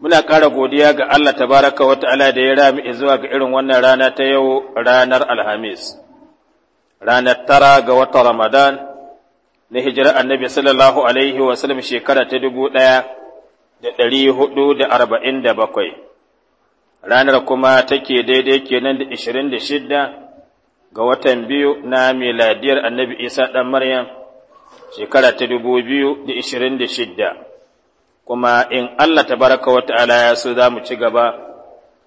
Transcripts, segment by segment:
muna ƙara godiya ga Allah tabaraka wa ta'ala da ya rami zuwa ga irin wannan rana ta yau ranar Alhamis, ranar tara ga wata Ramadan na hijira annabi sallallahu Alaihi wasallam shekara ta dubu ɗaya da ɗari hudu da arba'in da bakwai, ranar kuma take daidai kenan da ishirin da shidda ga watan biyu na miladiyar annabi Isa ɗan Maryam shekara ta dubu biyu da ishirin da shidda. kuma in Allah ta baraka wa ta'ala ya so za mu ci gaba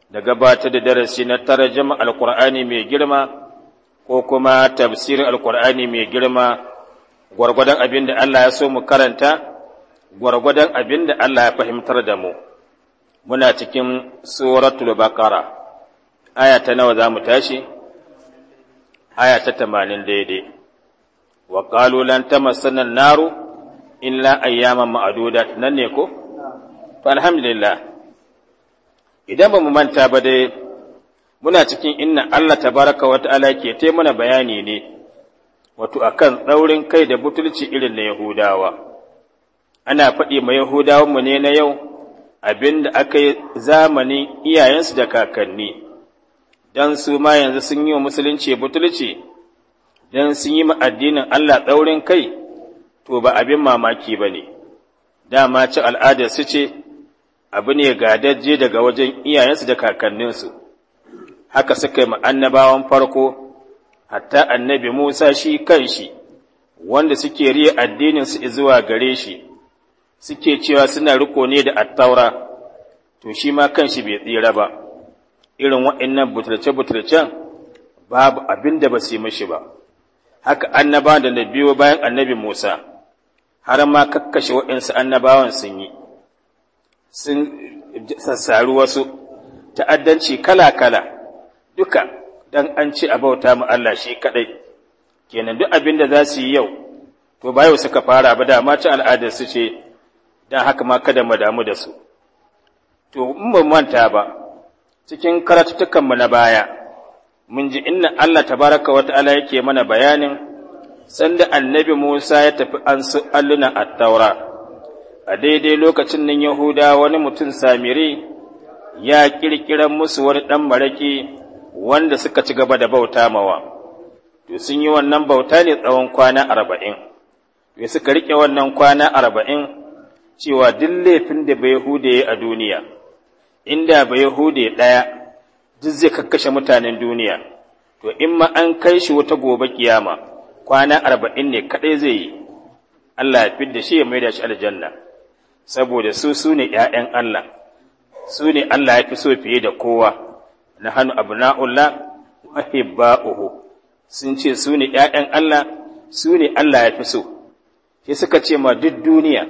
da gabatar da darasi na tarjama alqur'ani mai girma ko kuma tafsirin alqur'ani mai girma gwargwadon abin da Allah ya so mu karanta gwargwadon abin da Allah ya fahimtar da mu muna cikin suratul baqara aya ta nawa za mu tashi aya ta 80 daidai wa qalu lan tamassana an-naru illa ayyaman ma'adudat nan ne ko to alhamdulillah idan ba mu manta ba dai muna cikin inna Allah tabaraka wa ta'ala ke ta mana bayani ne wato akan tsaurin kai da butulci irin na Yahudawa ana faɗi ma Yahudawan mu ne na yau abinda aka yi zamanin iyayensu da kakanni dan su ma yanzu sun yi wa musulunci butulci dan sun yi ma addinin Allah tsaurin kai to ba abin mamaki ba ne, dama ci al'adar su ce, abu ne gadajje daga wajen iyayensu da kakanninsu, haka suka yi annabawan farko, hatta annabi Musa shi kanshi, wanda suke riya addininsu zuwa gare shi, suke cewa suna riko ne da attaura, to shi ma kanshi bai tsira ba, irin waɗannan butulce-butulcen babu abin da ba su yi mashi ba, haka annaba da na biyo bayan annabi Musa. har ma kakkashe waɗansu annabawan sun yi sun sassaru wasu ta'addanci kala-kala duka dan an ci a bauta mu Allah shi kaɗai kenan duk abin da za su yi yau to ba yau suka fara ba da mata al'adar su ce don haka ma kada mu damu da su to in ba manta ba cikin karatuttukan na baya mun ji inna Allah Ta-baraka wata ala yake mana bayanin sanda annabi Musa ya tafi an su allunan attaura, a daidai lokacin nan Yahuda wani mutum samiri ya ƙirƙira musu wani ɗan maraƙi wanda suka ci gaba da bauta mawa, to sun yi wannan bauta ne tsawon kwana arba'in, to suka riƙe wannan kwana arba'in cewa duk laifin da bai Yahuda a duniya, inda bai Yahuda ɗaya duk zai kakkashe mutanen duniya, to in ma an kai shi wata gobe kiyama. kwana arba'in ne kaɗai zai yi Allah ya fi da shi ya da shi aljanna saboda su su ne ‘ya'yan Allah su ne Allah ya fi so fiye da kowa na hannu abu na'ula mafi ba’uhu, sun ce su ne ‘ya'yan Allah su ne Allah ya fi so shi suka ce ma duk duniya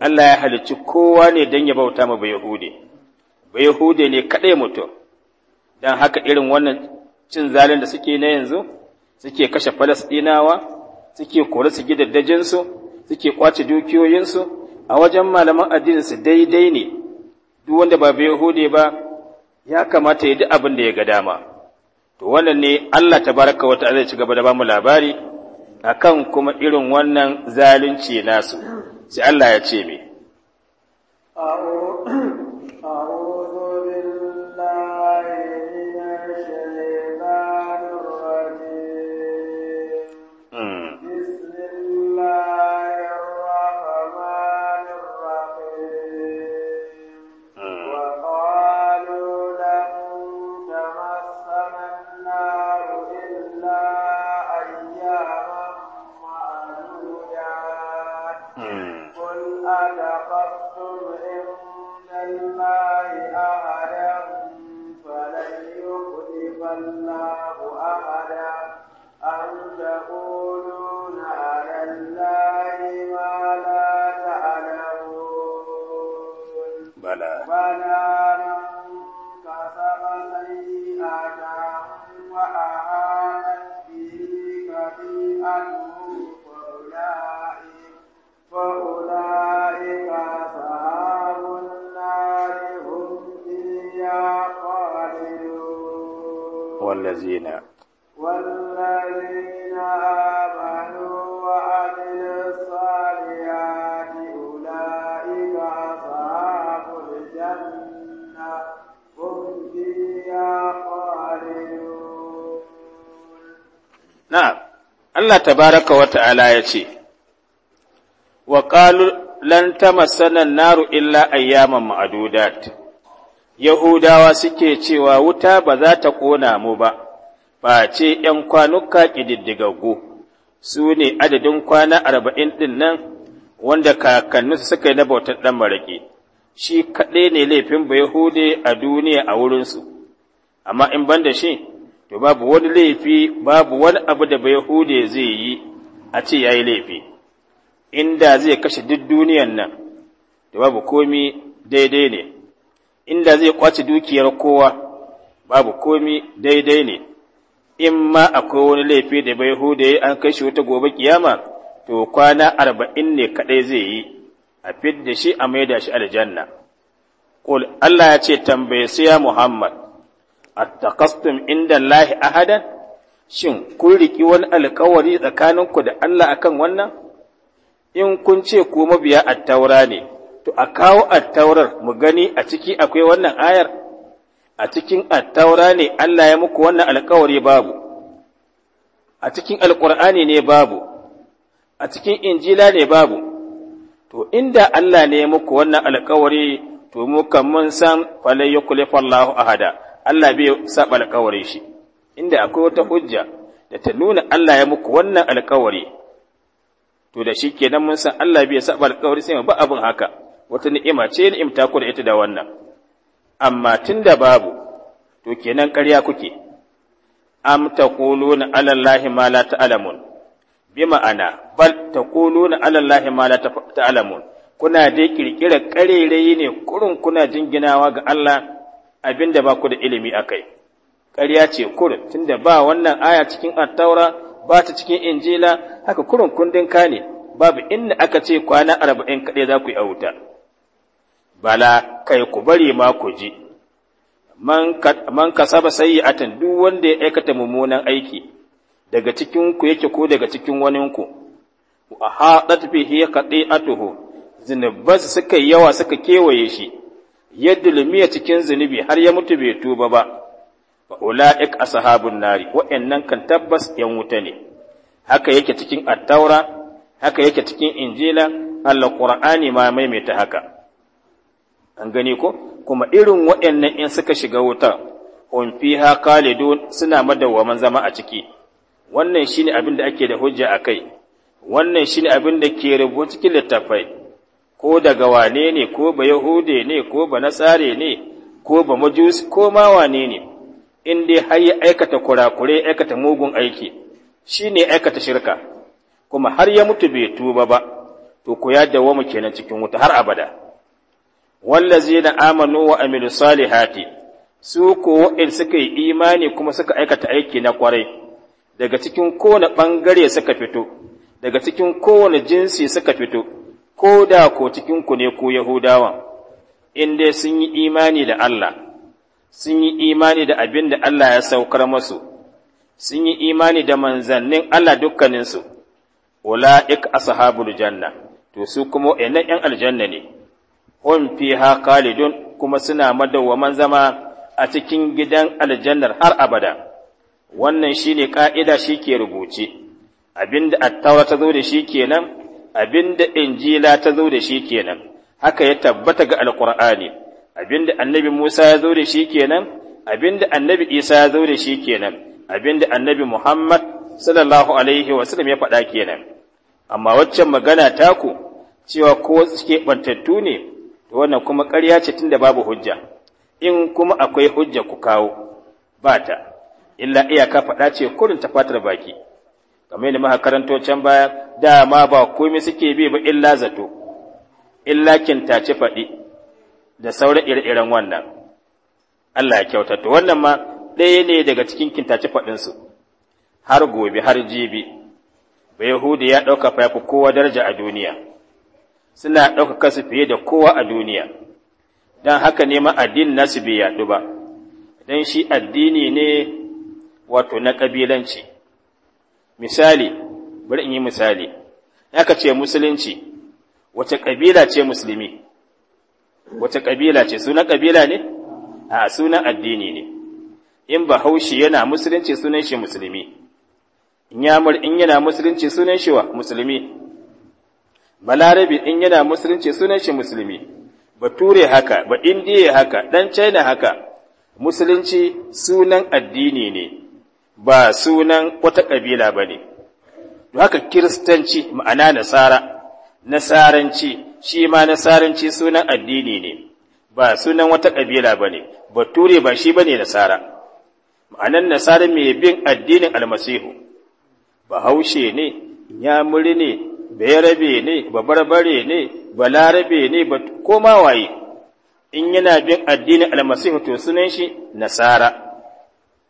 Allah ya halicci kowa ne don ya bauta ma Bayahude Bayahude ne kaɗai mutum don haka irin wannan cin zalin da suke na yanzu suke kashe falasɗinawa suke kore su su suke kwace dukiyoyinsu a wajen malaman addininsu daidai ne duk wanda ba bai hude ba ya kamata ya ji abin da ya ga dama to wannan ne Allah Ta baraka wata ta'ala ci gaba da bamu labari akan kuma irin wannan zalunci nasu sai Allah ya ce me الذين والذين آمنوا وعملوا الصالحات أولئك أصحاب الجنة هم فيها خالدون نعم الله تبارك وتعالى يتي وقالوا لن تمسنا النار إلا أياما معدودات يهودا suke cewa بذات قونا مبأ face ’yan kwanuka ƙididdigaggu, su ne adadin kwana arba'in ɗin nan wanda kakanninsu suka yi na bautar ɗan maraƙi, shi kaɗai ne laifin hude a duniya a wurinsu, amma in ban da shi, to babu wani laifi, babu wani abu da hude zai yi a ce ya yi laifi, inda zai kashe duk duniyan nan, to babu komi daidai ne, inda zai ƙwace dukiyar kowa, babu komi daidai ne. in ma akwai wani laifi da bai hude an kai shi wata gobe kiyama to kwana arba'in ne kaɗai zai yi a da shi a maida shi aljanna qul Allah ya ce tambaye su ya Muhammad attaqastum inda lahi ahada shin kun riki wani alkawari tsakaninku da Allah akan wannan in kun ce ko mabiya attaura ne to a kawo attaurar mu gani a ciki akwai wannan ayar a cikin attaura ne Allah ya muku wannan alkawari babu a cikin alkur'ani ne babu a cikin injila ne babu to inda Allah ne ya muku wannan alkawari to mu kan mun san falai yukhlifu Allahu ahada Allah bai saba alkawari shi inda akwai wata hujja da ta nuna Allah ya muku wannan alkawari to da shi kenan mun san Allah bai saba alkawari sai ba abin haka wata ni'ima ce ni'imta ku da ita da wannan amma tun da babu to kenan ƙarya kuke am taquluna ala allahi ma la ta'alamun, bi ma'ana bal taquluna ala allahi ma la ta'alamun, kuna dai kirkira ƙarerayi ne kurun kuna jinginawa ga Allah abinda ba ku da ilimi a kai. ƙarya ce kurun da ba wannan aya cikin attaura ba ta cikin injila haka kurin kundin ka ne babu inda aka ce kwana arba'in kaɗai za ku yi a wuta bala kai ku bari ma ku ji man kasaba sayyi'atan duk wanda ya aikata mummunan aiki daga cikin ku yake ko daga cikin wanin ku wa hadat bihi qati'atuhu zinubansa suka yawa suka kewaye shi yadda lumiya cikin zunubi har ya mutu bai tuba ba fa ulaik ashabun nari wa'annan kan tabbas yan wuta ne haka yake cikin at-taura haka yake cikin injila allah qurani ma maimaita haka an gani ko kuma irin waɗannan in suka shiga wuta hum fiha khalidun suna madawwaman zama a ciki wannan shine abin da ake da hujja akai wannan shine abin da ke rubuta cikin littafai ko daga wane ne ko ba yahude ne ko ba nasare ne ko ba majus ko ma wane ne in dai har ya aikata kurakure aikata mugun aiki shine aikata shirka kuma har ya mutu bai tuba ba to ku ya dawo mu kenan cikin wuta har abada wallazina amanu wa amilu salihati su ko wa'in suka yi imani kuma suka aikata aiki na kwarai daga cikin kowane ɓangare suka fito daga cikin kowane jinsi suka fito ko da ko cikin ku ne ku yahudawa in dai sun yi imani da Allah sun yi imani da abin da Allah ya saukar masu sun yi imani da manzannin Allah dukkaninsu ula'ik ashabul janna to su kuma ina 'yan aljanna ne hum fiha khalidun kuma suna madawwaman zama a cikin gidan aljannar har abada wannan shine ka'ida shike rubuce abinda attaura ta zo da shi kenan abinda injila ta zo da shi kenan haka ya tabbata ga alqur'ani abinda annabi Musa ya zo da shi kenan abinda annabi Isa ya zo da shi kenan abinda annabi Muhammad sallallahu alaihi wa sallam ya faɗa kenan amma waccan magana taku cewa ko suke bantattu ne wannan kuma ƙarya ce tun da babu hujja in kuma akwai hujja ku kawo ba ta illa iyaka faɗa ce kurin ta fatar baki kamar yadda muka karanto can baya dama ba komai suke bi ba illa zato illa kintace faɗi da sauran ire-iren wannan Allah ya kyauta to wannan ma ɗaya ne daga cikin kintace faɗinsu har gobe har jibi ba Yahudi ya ɗauka fafi kowa daraja a duniya suna ɗaukaka su fiye da kowa a duniya don haka ne ma nasu bai yaɗu ba don shi addini ne wato na ƙabilanci misali bari in yi misali aka ce musulunci wace ƙabila ce musulmi wace ƙabila ce sunan ƙabila ne a sunan addini ne in haushi yana musulunci sunan shi musulmi in yamur in yana musulunci sunan shi wa musulmi balarabe in yana musulunci sunan shi musulmi bature haka ba indiya haka ɗan china haka musulunci sunan addini ne ba sunan wata kabila ba ne haka kiristanci ma'ana nasara nasaranci shi ma nasaranci sunan addini ne ba sunan wata kabila ba ne bature ba shi ba ne nasara ma'anan nasara mai bin addinin almasihu bahaushe ne muri ne bayarabe ne ba barbare ne ba larabe ne ba koma waye in yana bin addinin almasihu to sunan shi nasara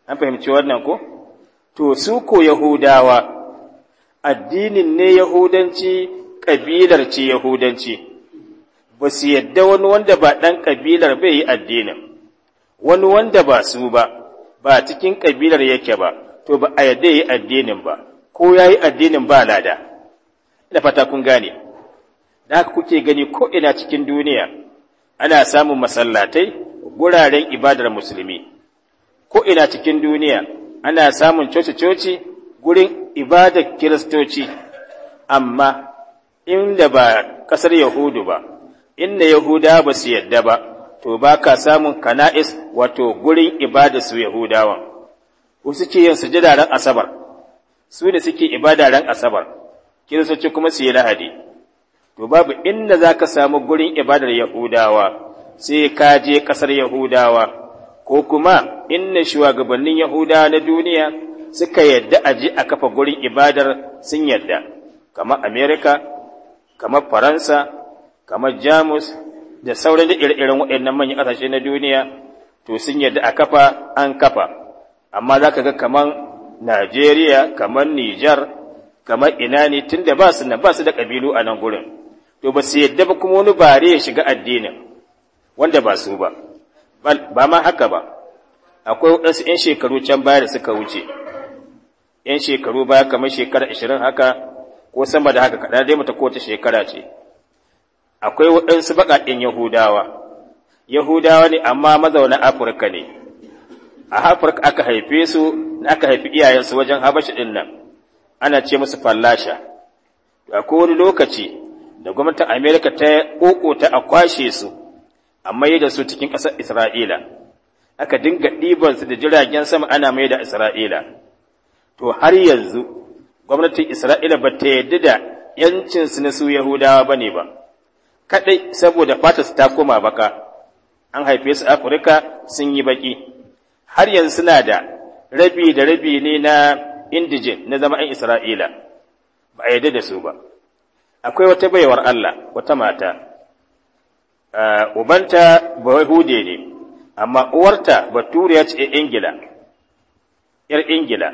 an fahimci wannan ko to su ko yahudawa addinin ne yahudanci kabilar ce yahudanci ba su yadda wani wanda ba ɗan kabilar bai yi addinin wani wanda ba su ba ba cikin kabilar yake ba to ba a yadda yi addinin ba ko ya yi addinin ba lada ina fata kun gane da haka kuke gani ko ina cikin duniya ana samun masallatai guraren ibadar musulmi ko ina cikin duniya ana samun coci-coci gurin ibadar kiristoci amma inda ba ƙasar yahudu ba inda yahuda ba su yadda ba to ba ka samun kana'is wato gurin su yahudawan wasu ke yin sujidaren ran asabar su ne suke ibada ran asabar kiristoci kuma su yi lahadi to babu inda za ka samu gurin ibadar yahudawa sai ka je ƙasar yahudawa ko kuma inda shugabannin yahudawa na duniya suka yadda a je a kafa gurin ibadar sun yadda kamar amerika kamar faransa kamar jamus da sauran da ire-iren waɗannan manyan ƙasashe na duniya to sun yadda a kafa an kafa amma za ka ga kamar najeriya kamar nijar kamar ina ne tunda ba su nan ba su da kabilu a nan gurin to ba su yadda ba kuma wani bare ya shiga addinin wanda ba su ba ba ma haka ba akwai waɗansu 'yan shekaru can baya da suka wuce 'yan shekaru baya kamar shekara ashirin haka ko sama da haka kaɗan dai mata kowace shekara ce akwai waɗansu baƙaƙen yahudawa yahudawa ne amma mazaunan afirka ne a afirka aka haife su aka haifi iyayensu wajen habashi ɗin nan ana ce musu fallasha A wani lokaci da gwamnatin amerika ta ƙoƙota a kwashe su a mai da su cikin ƙasar isra'ila aka dinga ɗibansu da jiragen sama ana mai da isra'ila to har yanzu gwamnatin isra'ila ba ta yadda da yancinsu na su yahudawa ba ne ba kaɗai saboda fatas ta koma baka an haife su afirka sun yi baƙi har yanzu suna da rabi da rabi ne na indijin na zama ‘yan Isra'ila, ba a yarda da su ba. Akwai wata baiwar Allah, wata mata, uh, ubanta ba hude ne, amma uwarta ba baturiya ce Ingila, ‘yar Ingila.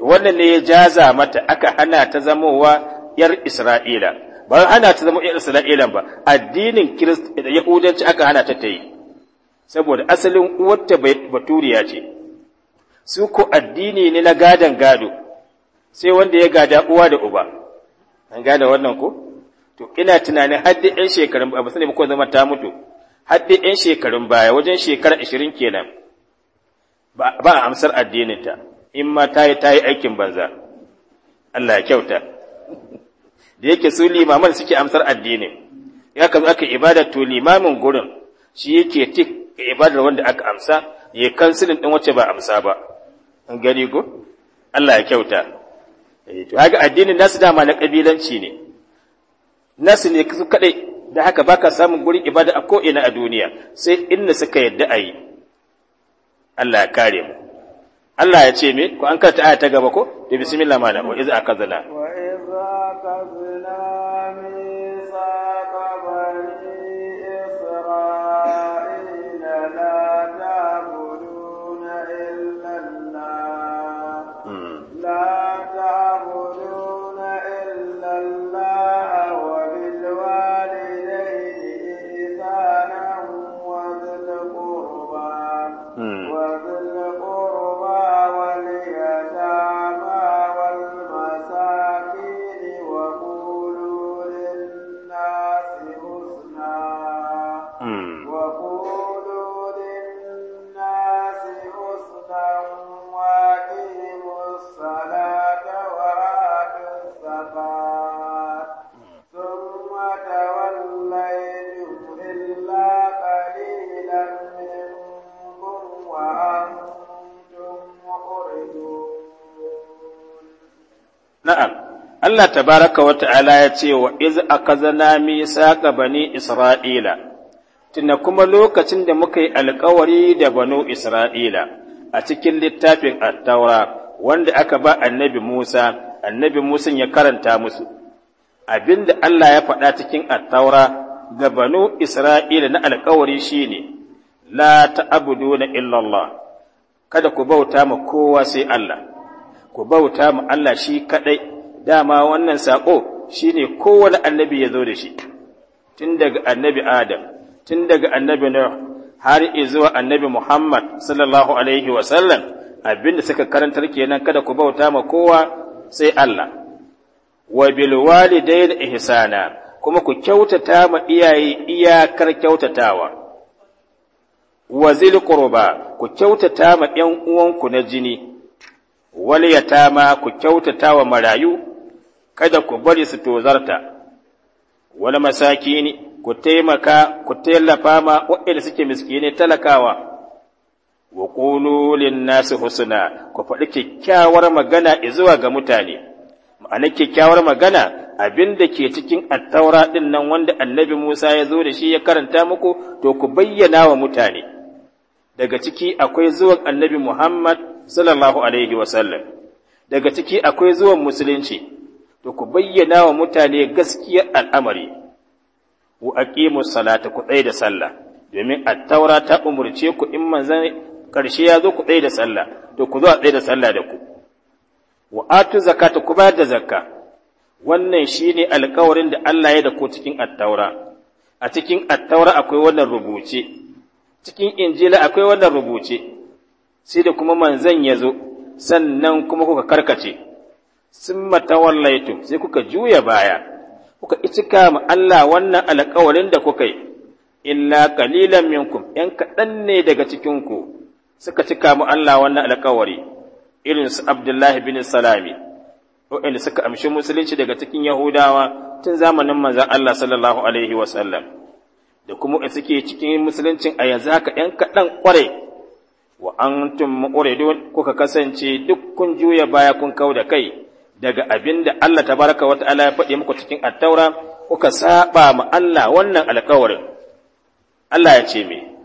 Wannan ne ya jaza mata aka hana ta zamowa ‘yar Isra'ila, ba hana ta zama ‘yar Isra'ila ba, addinin Yahudanci aka hana ta ta yi, saboda asalin uwarta baturiya ce. su ko addini ne na gadon gado sai wanda ya gada uwa da uba an gane wannan ko to ina tunanin haddi yan shekarun ba sani ba ko zama ta mutu haddi yan shekarun baya wajen shekara 20 kenan ba a amsar addininta in ma ta yi ta yi aikin banza Allah ya kyauta da yake su limaman suke amsar addinin ya kazo aka ibada to limamin gurin shi yake tik ibadar wanda aka amsa ya kansilin ɗin wacce ba amsa ba an gani ko Allah ya kyauta eh, to haka addinin nasu dama na kabilanci ne nasu ne su kaɗai da haka baka samun gurin ibada a ko'ina a duniya sai inda suka yadda a yi Allah ya kare mu Allah ya ce me ko an karta aya ta gaba ko da bismillah na wa iz akazana wa Allah tabaraka wa ta'ala ya ce wa iz akazana misaqa bani Isra'ila tuna kuma lokacin da muka yi alkawari da banu Isra'ila a cikin littafin attaura wanda aka ba annabi Musa annabi Musa ya karanta musu abin da Allah ya faɗa cikin attaura taura ga banu Isra'ila na alkawari shi ne la ta'buduna na illallah kada ku bauta ma kowa sai Allah ku bauta ma Allah shi kaɗai dama wannan saƙo ne kowane annabi ya zo da shi tun daga annabi adam tun daga annabi nuh har zuwa annabi muhammad sallallahu alaihi wasallam abinda suka karantar kenan kada ku bauta ma kowa sai Allah wa bil da ihsana kuma ku kyautata ma iyaye iyakar kyautatawa wa zil ku kyautata ma 'yan uwanku na jini wal yatama ku kyautata wa marayu kada ku bari su tozarta Wani masaki ne ku taimaka ku tallafa ma waɗanda suke miskini talakawa wa qulu lin nasi husna ku faɗi kyakkyawar magana zuwa ga mutane ma'ana kyakkyawar magana abin da ke cikin attaura ɗin nan wanda annabi Musa ya zo da shi ya karanta muku to ku bayyana wa mutane daga ciki akwai zuwan annabi Muhammad sallallahu alaihi wasallam daga ciki akwai zuwan musulunci to ku bayyana wa mutane gaskiyar al'amari wa aqimu salata ku tsaya da sallah domin at-taura ta umurce ku in manzan karshe ya zo ku tsaya da sallah to ku zo a tsaya da sallah da ku wa atu zakata ku bayar da zakka wannan shine alƙawarin da Allah ya da ku cikin at a cikin at akwai wannan rubuce cikin injila akwai wannan rubuce sai da kuma manzan ya zo sannan kuma kuka karkace sun matawallaitu sai kuka juya baya kuka itika ma Allah wannan alkawarin da kuka yi illa kalilan minkum yan kaɗan ne daga cikinku. suka cika mu Allah wannan alkawari irin su Abdullahi bin Salami in suka amshi musulunci daga cikin Yahudawa tun zamanin manzan Allah sallallahu alaihi wasallam, da kuma in suke cikin musuluncin a yanzu haka yan kaɗan ƙware wa antum mu'ridun kuka kasance duk kun juya baya kun kau da kai daga abin da Allah baraka wa ta'ala ya faɗi muku cikin attaura kuka saɓa ma Allah wannan alƙawarin Allah ya ce me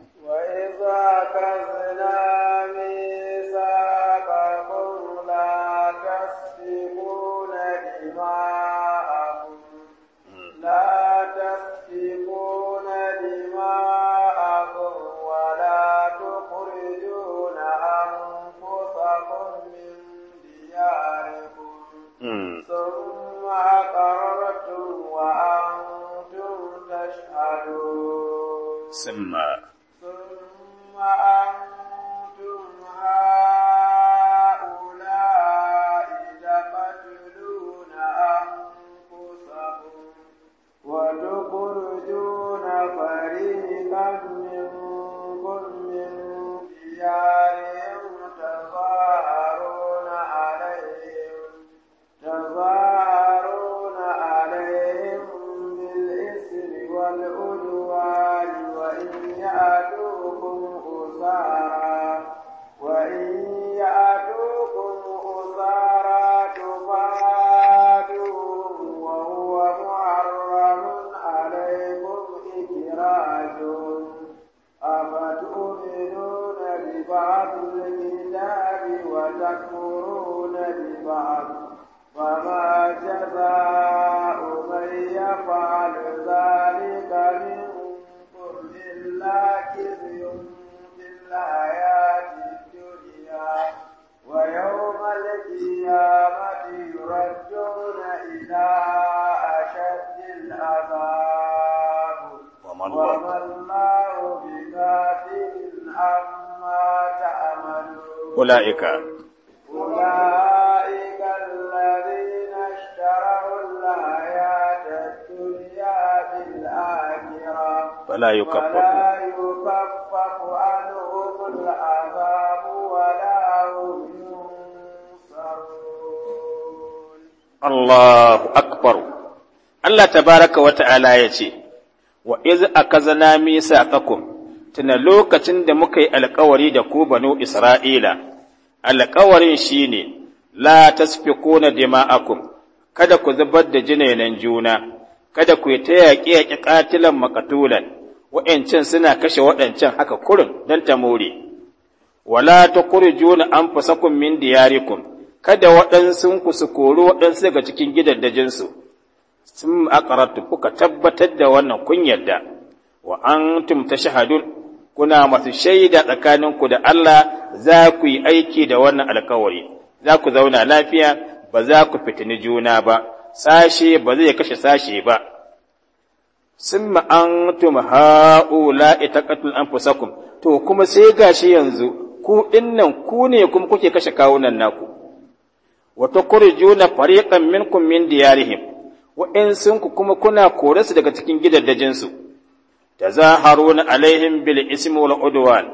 Allah tabaraka wa ta'ala ya ce, Wa iz akazana misaqakum tuna lokacin da muka yi alkawari da ku banu Isra'ila, alkawarin shi ne, La tasfikuna dima'akum, kada ku zubar da jinainan juna, kada ku yi ta yaƙi-yaƙi ƙatilan makatulan, wa'yancin suna kashe waɗancan haka kurin don ta more. Wala ta juna an fasa min diyarikum, kada waɗansu ku su kori waɗansu daga cikin dajinsu. sun aqaratu kuka tabbatar da wannan kun yarda wa antum tashhadun kuna masu shaida tsakanin ku da Allah za ku yi aiki da wannan alkawari za ku zauna lafiya ba za ku fitini juna ba sashe ba zai kashe sashe ba summa antum haula itaqatul anfusakum to kuma sai gashi yanzu ku dinnan ku ne kuma kuke kashe kawunan naku wa tukhrijuna fariqan minkum min diyarihim ku kuma kuna kore su daga cikin gidaddajinsu, ta haruna alaihim bil ismi wal udwan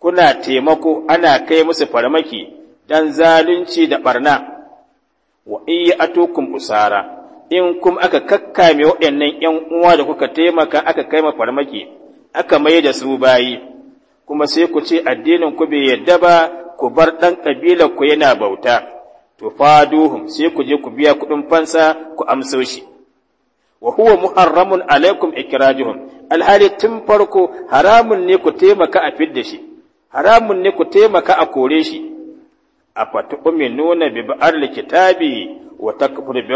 kuna taimako ana kai musu farmaki dan zalunci da ɓarna. wa iya usara, in kuma aka kakkame waɗannan ‘yan uwa da kuka taimaka aka kai ma farmaki, aka mai da su bayi, kuma sai ku ce addinin ku bai yadda ba ku bar ɗan ƙabilar ku yana bauta. to faduhum sai ku je ku biya kuɗin fansa ku amso shi wa huwa muharramun alaikum ikrajuhum alhali tun farko haramun ne ku taimaka a fidda shi haramun ne ku taimaka a kore shi a nuna bi ba'al kitabi wa takbur bi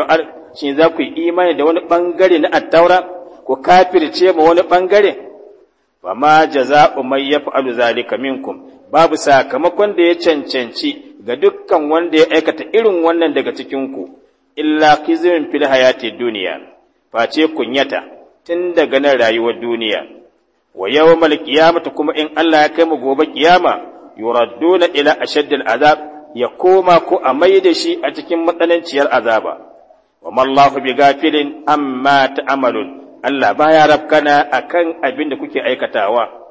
shin za ku yi imani da wani bangare na attaura ku kafirce ma wani bangare fa ma jaza'u man yaf'alu zalika minkum babu sakamakon da ya cancanci ga dukkan wanda ya aikata irin wannan daga cikinku, illa kizirin fil hayati duniya, face kunyata tun daga nan rayuwar duniya. Wa yawon malkiyamata kuma in Allah ya kai mu gobe kiyama, yuraduna ila ashaddil azab ya koma ko a mai da shi a cikin matsananciyar azaba. Wa mallahu bi gafilin amma amalun Allah baya rabkana akan abin da kuke aikatawa.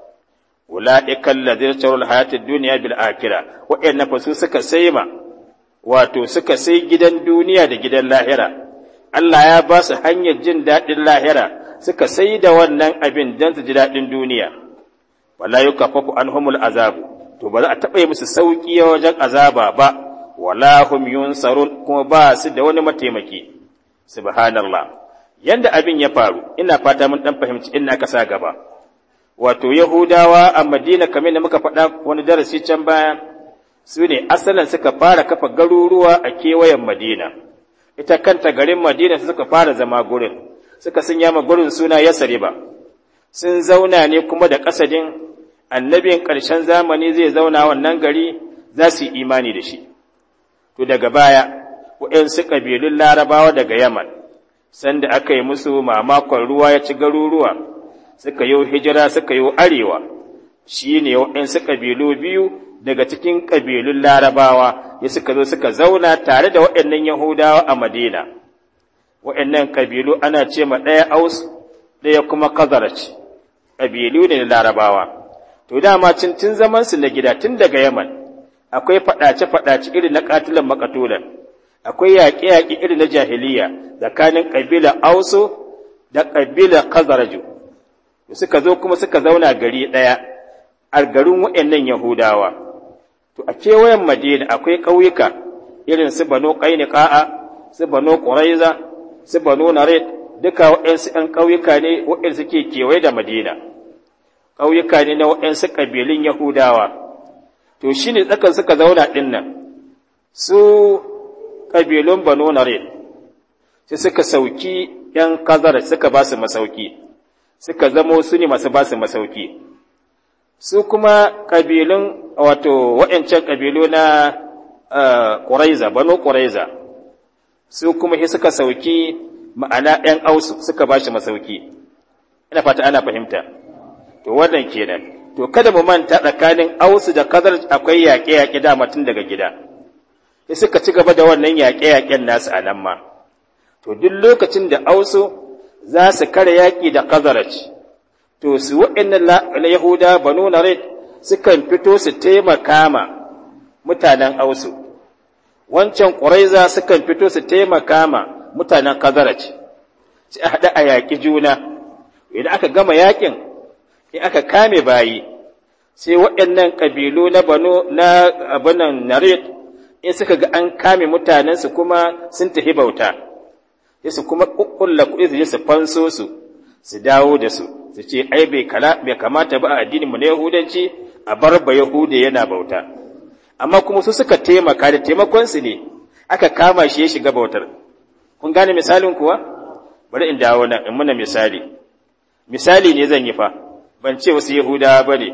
ulaika alladhina tarawul hayatid duniya bil a'kira wa'anna fa su suka saima wato suka sai gidan duniya da gidan lahira Allah ya ba su hanyar jin daɗin lahira suka sai da wannan abin don su ji daɗin duniya wala an humul azabu to ba za a taɓa yi musu sauƙi wajen azaba ba wala hum yunsarun kuma ba su da wani mataimaki subhanallah yanda abin ya faru ina fata mun dan fahimci in kasa gaba wato yahudawa a madina kamar da muka faɗa wani darasi can baya su ne asalin suka fara kafa garuruwa a kewayen madina ita kanta garin madina suka fara zama gurin suka sun ma gurin suna yasariba sun zauna ne kuma da kasadin annabin ƙarshen zamani zai zauna wannan gari za su yi imani da shi to daga baya waɗansu kabilun larabawa daga yaman sanda aka yi musu mamakon ruwa ya ci garuruwa suka yi hijira suka yi arewa shi ne waɗansu ƙabilu biyu daga cikin ƙabilun larabawa ya suka zo suka zauna tare da waɗannan yahudawa a madina waɗannan ƙabilu ana ce ma ɗaya aus ɗaya kuma kazarac ƙabilu ne na larabawa to dama cin tun su na gida tun daga yaman akwai faɗace-faɗace irin na ƙatilan makatulan, akwai yaƙe-yaƙe irin na jahiliya tsakanin ƙabila ausu da ƙabila kazaraju, suka zo kuma suka zauna gari ɗaya a garin waɗannan Yahudawa. To, a kewayen Madina akwai ƙauyuka irin su bano Ƙaini-Ƙa’a, su bano ƙuraiza, su bano naret, duka waɗansu ‘yan ƙauyuka ne waɗanda suke kewaye da Madina. Ƙauyuka ne na waɗansu ƙabilun Yahudawa. To, shi ne tsakan suka zauna ɗin nan, su ƙabilun bano naret, sai suka sauki ‘yan kazar suka ba su masauki. suka zamo su ne masu basu masauki su kuma ƙabilun wato waɗancan ƙabilu na ƙuraiza eh, banu ƙuraiza su kuma shi suka sauki ma'ana ‘yan ausu suka ba shi masauki ina fata ana fahimta to wannan kenan to kada mu manta tsakanin ausu da kazar akwai yaƙe-yaƙe dama tun daga gida sai suka ci gaba da wannan yaƙe-yaƙen nasu a nan ma to duk lokacin da ausu za su kare yaƙi da kazarac to su waɗannan Yahuda banu Narid sukan fito su taimaka ma mutanen Ausu wancan ƙuraiza sukan fito su taimaka ma mutanen Khazraj su a haɗa a yaƙi juna idan aka gama yaƙin in aka kame bayi sai waɗannan ƙabilu na banu na abunan in suka ga an kame mutanensu kuma sun tafi bauta yasu kuma kukkulla kuɗi su je su fanso su su dawo da su su ce ai bai kala bai kamata ba a addinin mu na yahudanci a bar ba yahude yana bauta amma kuma su suka taimaka da taimakon su ne aka kama shi ya shiga bautar kun gane misalin kuwa bari in dawo nan in muna misali misali ne zan yi fa ban ce wasu yahudawa ba ne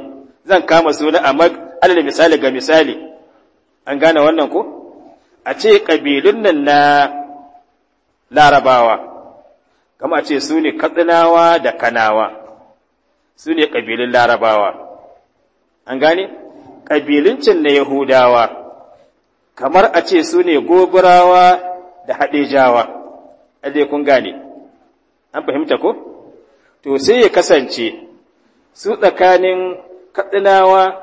zan kama suna amma alal misali ga misali an gane wannan ko a ce kabilun nan na larabawa kama ce su ne katsinawa da kanawa su ne ƙabilun larabawa an gane ƙabiluncin na yahudawa kamar a ce su ne goburawa da haɗejawa ɗaya kun gane an fahimta ko to sai ya kasance su tsakanin katsinawa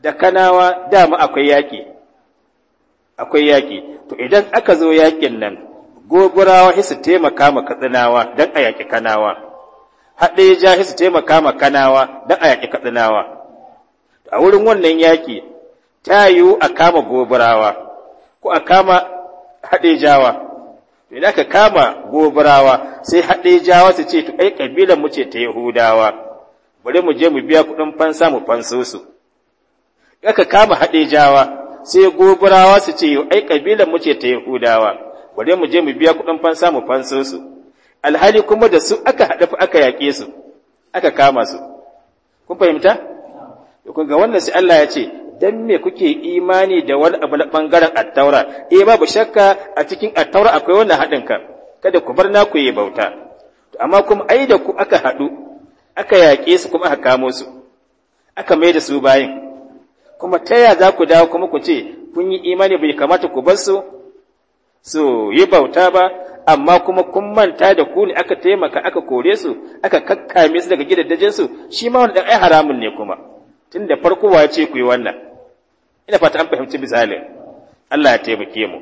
da kanawa dama akwai yaƙi akwai yaƙi to idan aka zo yaƙin nan gogurawa hisu taimaka ma katsinawa don a yaƙi kanawa haɗe ja hisu taimaka ma kanawa don a yaƙi katsinawa a wurin wannan yaƙi ta yiwu a kama gogurawa, ko a kama haɗe jawa idan aka kama gogurawa sai haɗe jawa su ce to ai ƙabilar mu ce ta yahudawa bari mu je mu biya kuɗin fansa mu fanso su aka kama haɗe jawa sai gogurawa su ce ai ƙabilar mu ce ta yahudawa bare mu je mu biya kuɗin fansa mu fanso su alhali kuma da su aka haɗafi aka yaƙe su aka kama su kun fahimta to kun ga wannan sai Allah ya ce dan me kuke imani da wani abu na bangaren attaura eh babu shakka a cikin attaura akwai wannan haɗin ka kada ku bar naku yi bauta to amma kuma ai da ku aka haɗu aka yaƙe su kuma aka kamo su aka mai da su bayin kuma ta yaya za ku dawo kuma ku ce kun yi imani bai kamata ku bar su su yi bauta ba amma kuma kun manta da ku ne aka taimaka aka kore su aka kakkame su daga gidajen su shi ma wannan ai haramun ne kuma tun da farko wa ce ku yi wannan ina fata an fahimci misalin Allah ya taimake mu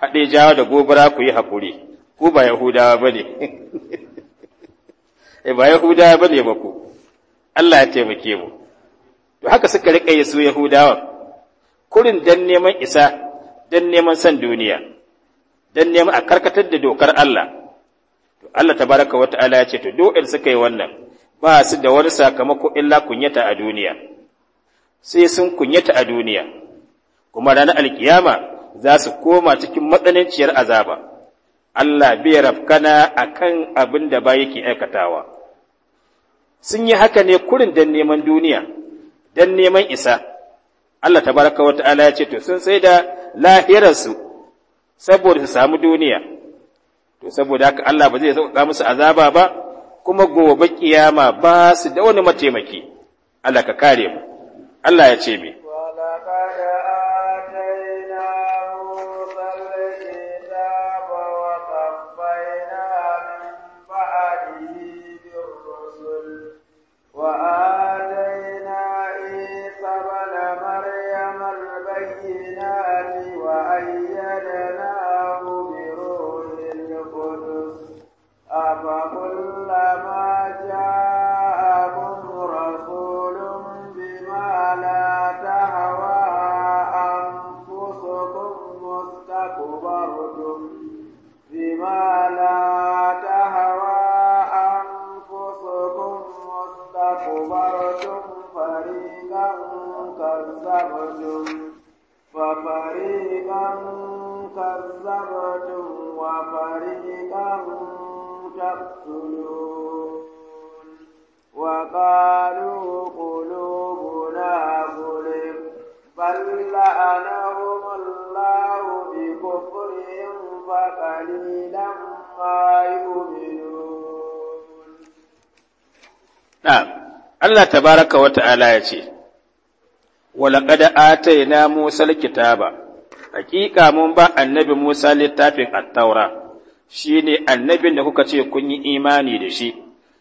haɗe jawa da gobara ku yi haƙuri ku ba yahudawa ba ne eh, ba yahudawa ba ne ba ku Allah ya taimake mu to haka suka riƙa yi su yahudawan kurin dan neman isa dan neman san duniya dan neman a karkatar da dokar Allah to Allah tabaraka wa ta'ala ya ce to do'in suka yi wannan ba su da wani sakamako illa kunyata a duniya sai sun kunyata a duniya kuma ranar alkiyama za su koma cikin matsananciyar azaba Allah biya rafkana akan abin da ba yake aikatawa sun yi haka ne kurin dan neman duniya dan neman isa Allah tabaraka wa ta'ala ya ce to sun sai da lahirarsu saboda su samu duniya to saboda haka Allah ba zai sauka musu azaba ba kuma gobe kiyama ba su da wani mataimaki Allah ka kare mu Allah ya ce mai Allah tabaraka wa ta'ala ya ce, Walaƙada atai na Musa kitaba, hakika mun ba annabi Musa littafin attaura, shi ne annabin da kuka ce kun yi imani da shi,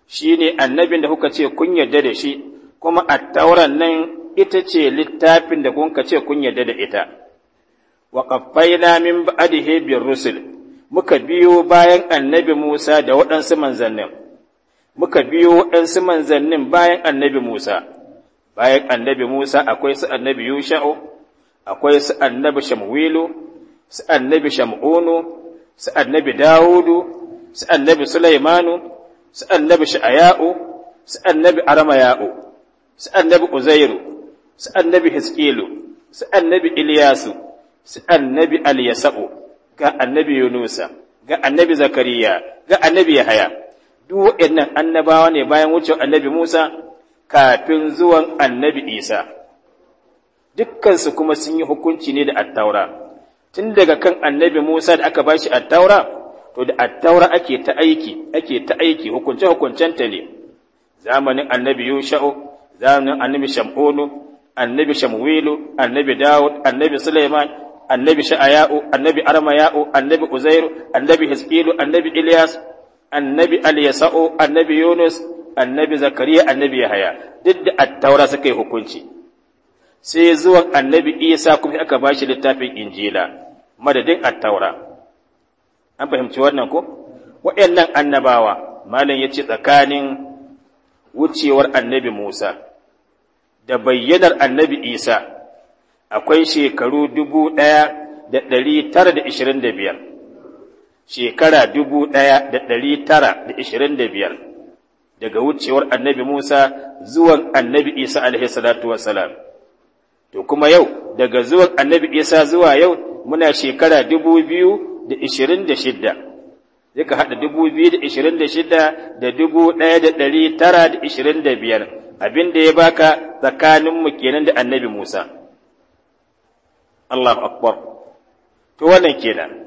shi ne annabin da kuka ce kun yarda da shi, kuma attauran nan ita ce littafin da kuka ce kun yarda da ita. Wa ƙaffaina min ba’adihe biyar rusul, muka biyo bayan annabi Musa da waɗansu manzannin. muka biyo waɗansu manzannin bayan annabi Musa, bayan annabi Musa akwai su annabi Yusha'u, akwai su annabi Shamwilu, su annabi Sham'unu, su annabi Dawudu, su annabi Sulaimanu, su annabi Sha'aya'u, su annabi Aramaya'u, su annabi Uzairu, su annabi Hiskilu, su annabi Iliyasu, su annabi Aliyasa'u, ga annabi Yunusa, ga annabi Zakariya, ga annabi Yahaya. duk wa'annan annabawa ne bayan wucewa, annabi Musa kafin zuwan annabi Isa dukkansu kuma sun yi hukunci ne da attaura tun daga kan annabi Musa da aka ba shi attaura to da attaura ake ta aiki ake ta aiki hukunce hukuncen ta ne zamanin annabi Yusha'u zamanin annabi Shamunu annabi Shamwilu annabi Dawud annabi suleiman annabi Sha'aya'u annabi Armaya'u annabi Uzairu annabi Hiskilu annabi Ilyas annabi Aliyasa'u, annabi yunus annabi zakariya annabi yahaya duk da attaura suka yi hukunci sai zuwan annabi isa kuma aka ba shi littafin injila madadin attaura an fahimci wannan ko waɗannan annabawa malam ya ce tsakanin wucewar annabi musa da bayyanar annabi isa akwai shekaru dubu ɗaya da ɗari tara da ishirin da biyar shekara dubu ɗaya da ɗari tara da ishirin da biyar daga wucewar annabi Musa zuwan annabi Isa alaihi salatu wassalam. To kuma yau daga zuwan annabi Isa zuwa yau muna shekara dubu biyu da ishirin da shidda. Zika haɗa dubu biyu da ishirin da shidda da dubu ɗaya da ɗari tara da ishirin da biyar abin da ya baka tsakaninmu kenan da annabi Musa. Allahu Akbar. To wannan kenan.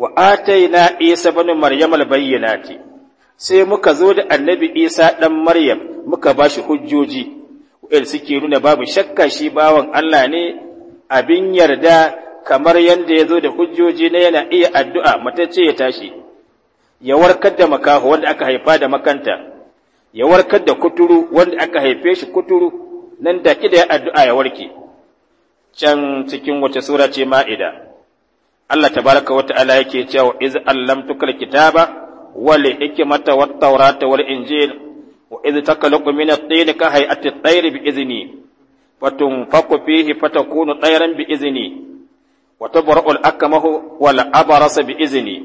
wa ataina isa bani maryam albayyinati sai muka zo da annabi isa dan maryam muka bashi hujjoji wa'il suke nuna babu shakka shi bawan Allah ne abin yarda kamar yadda ya zo da hujjoji na yana iya addu'a matacce ya tashi ya warkar da makaho wanda aka haifa da makanta ya warkar da kuturu wanda aka haife shi kuturu nan da kida ya addu'a ya warke can cikin wata sura ce ma'ida Allah tabaraka wa ta'ala yake cewa iz allamtuka alkitaba wal hikmata wat tawrata wal injil wa iz takalaqu min at-tin ka hay'ati at-tayr bi izni wa tunfaqu fihi fatakunu tayran bi izni wa tabra'u al-akmahu wal abrasa bi izni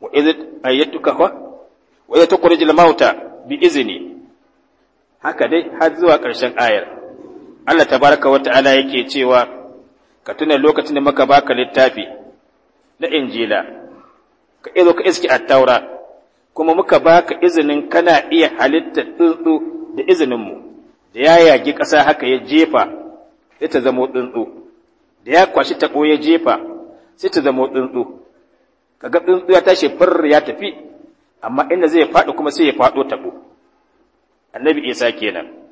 wa iz ayyatuka wa ya tukhrij al-mauta bi izni haka dai har zuwa ƙarshen ayar Allah tabaraka wa ta'ala yake cewa ka tuna lokacin da muka baka littafi na injila ka izo ka iski a taura kuma muka baka izinin kana iya halitta tsuntsu da izininmu da ya yagi ƙasa haka ya jefa sai ta zamo tsuntsu da ya kwashi taɓo ya jefa sai ta zamo tsuntsu kaga tsuntsu ya tashi fir ya tafi amma inda zai faɗo kuma sai ya faɗo taɓo annabi isa kenan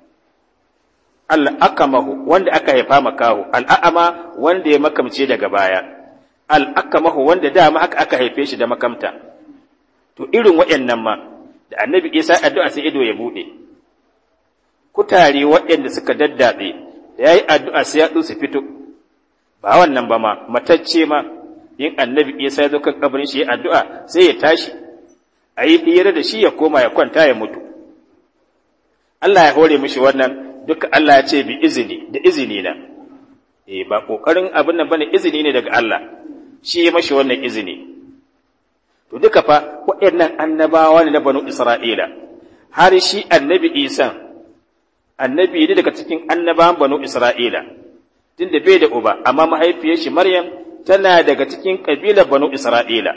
al'akamahu wanda aka haifa makahu al'a'ama wanda ya makamce daga baya al'akamahu wanda dama haka aka haife shi da makamta to irin waɗannan ma da annabi isa addu'a sai ido ya buɗe kutare waɗanda suka daddatse da ya yi addu'a sai ya su fito ba wannan ba ma matacce ma yin annabi isa ya zo kan kabarin shi ya addu'a sai ya tashi a yi da shi ya koma ya kwanta ya mutu Allah ya hore mishi wannan duka Allah ya ce bi izini da izini na eh ba kokarin abin nan bane izini ne daga Allah shi ya mashi wannan izini to duka fa waɗannan annabawa ne na banu Isra'ila har shi annabi Isa annabi ne daga cikin annabawan banu Isra'ila tunda bai da uba amma mahaifiyar shi Maryam tana daga cikin kabilar banu Isra'ila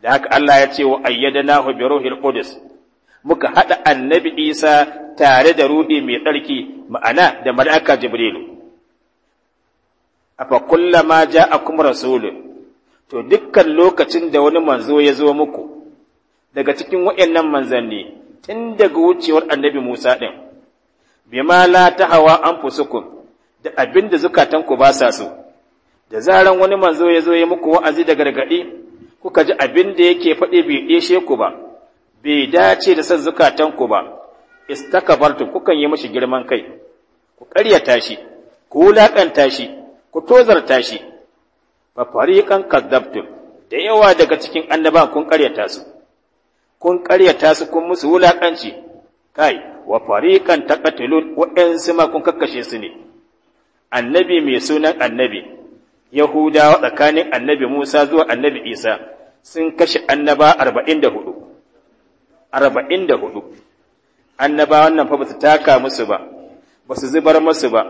da haka Allah ya ce wa ayyadnahu bi ruhil qudus muka haɗa annabi isa tare da ruhi mai tsarki ma'ana da mal'aka jibrilu afa kullama ja'akum rasulun to dukkan lokacin da wani manzo ya zo muku daga cikin wayannan manzanni tun daga wucewar annabi Musa ɗin ma la tahawa anfusukum da abin da zukatanku ba sa so da zaran wani manzo ya zo ya muku wa'azi da gargaɗi kuka ji abinda yake faɗi bai ɗeshe ku ba bai dace da san ku ba istakabartu kukan yi mishi girman kai ku ƙaryata tashi, ku wulaƙanta shi ku tozarta shi fa fariqan kadzabtum da yawa daga cikin annaba kun ƙaryata su kun ƙaryata su kun musu wulaƙanci kai wa fariqan taqatulun waɗansu ma kun kakkashe su ne annabi mai sunan annabi yahudawa tsakanin annabi Musa zuwa annabi Isa sun kashe annaba arba'in da 44 arba'in da hudu annabawan wannan fa ba su taka musu ba ba su zubar musu ba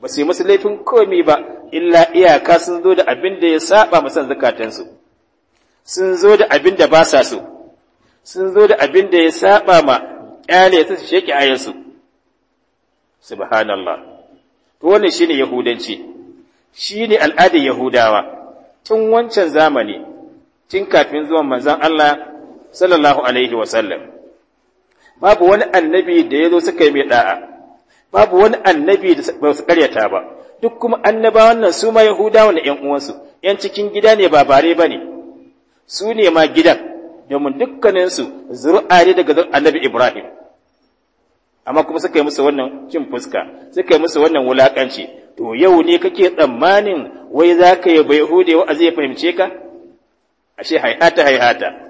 ba su yi musu laifin komi ba illa iyaka sun zo da abin da ya saba musan zukatansu sun zo da abin da ba sa so sun zo da abin da ya saba ma ƙyale su su sheki ayansu subhanallah to wannan shine yahudanci shine al'adar yahudawa tun wancan zamani tun kafin zuwan manzon Allah sallallahu alaihi wasallam babu wani annabi da ya zo suka yi mai da'a babu wani annabi da ba su karyata ba duk kuma annabawan nan su ma yahudawa na yan uwansu yan cikin gida ne ba bare ba ne su ne ma gidan domin dukkaninsu zuru’a ne daga annabi ibrahim amma kuma suka yi musu wannan cin fuska suka yi musu wannan wulakanci to yau ne kake tsammanin wai za ka yi bai hude wa zai fahimce ka ashe haihata haihata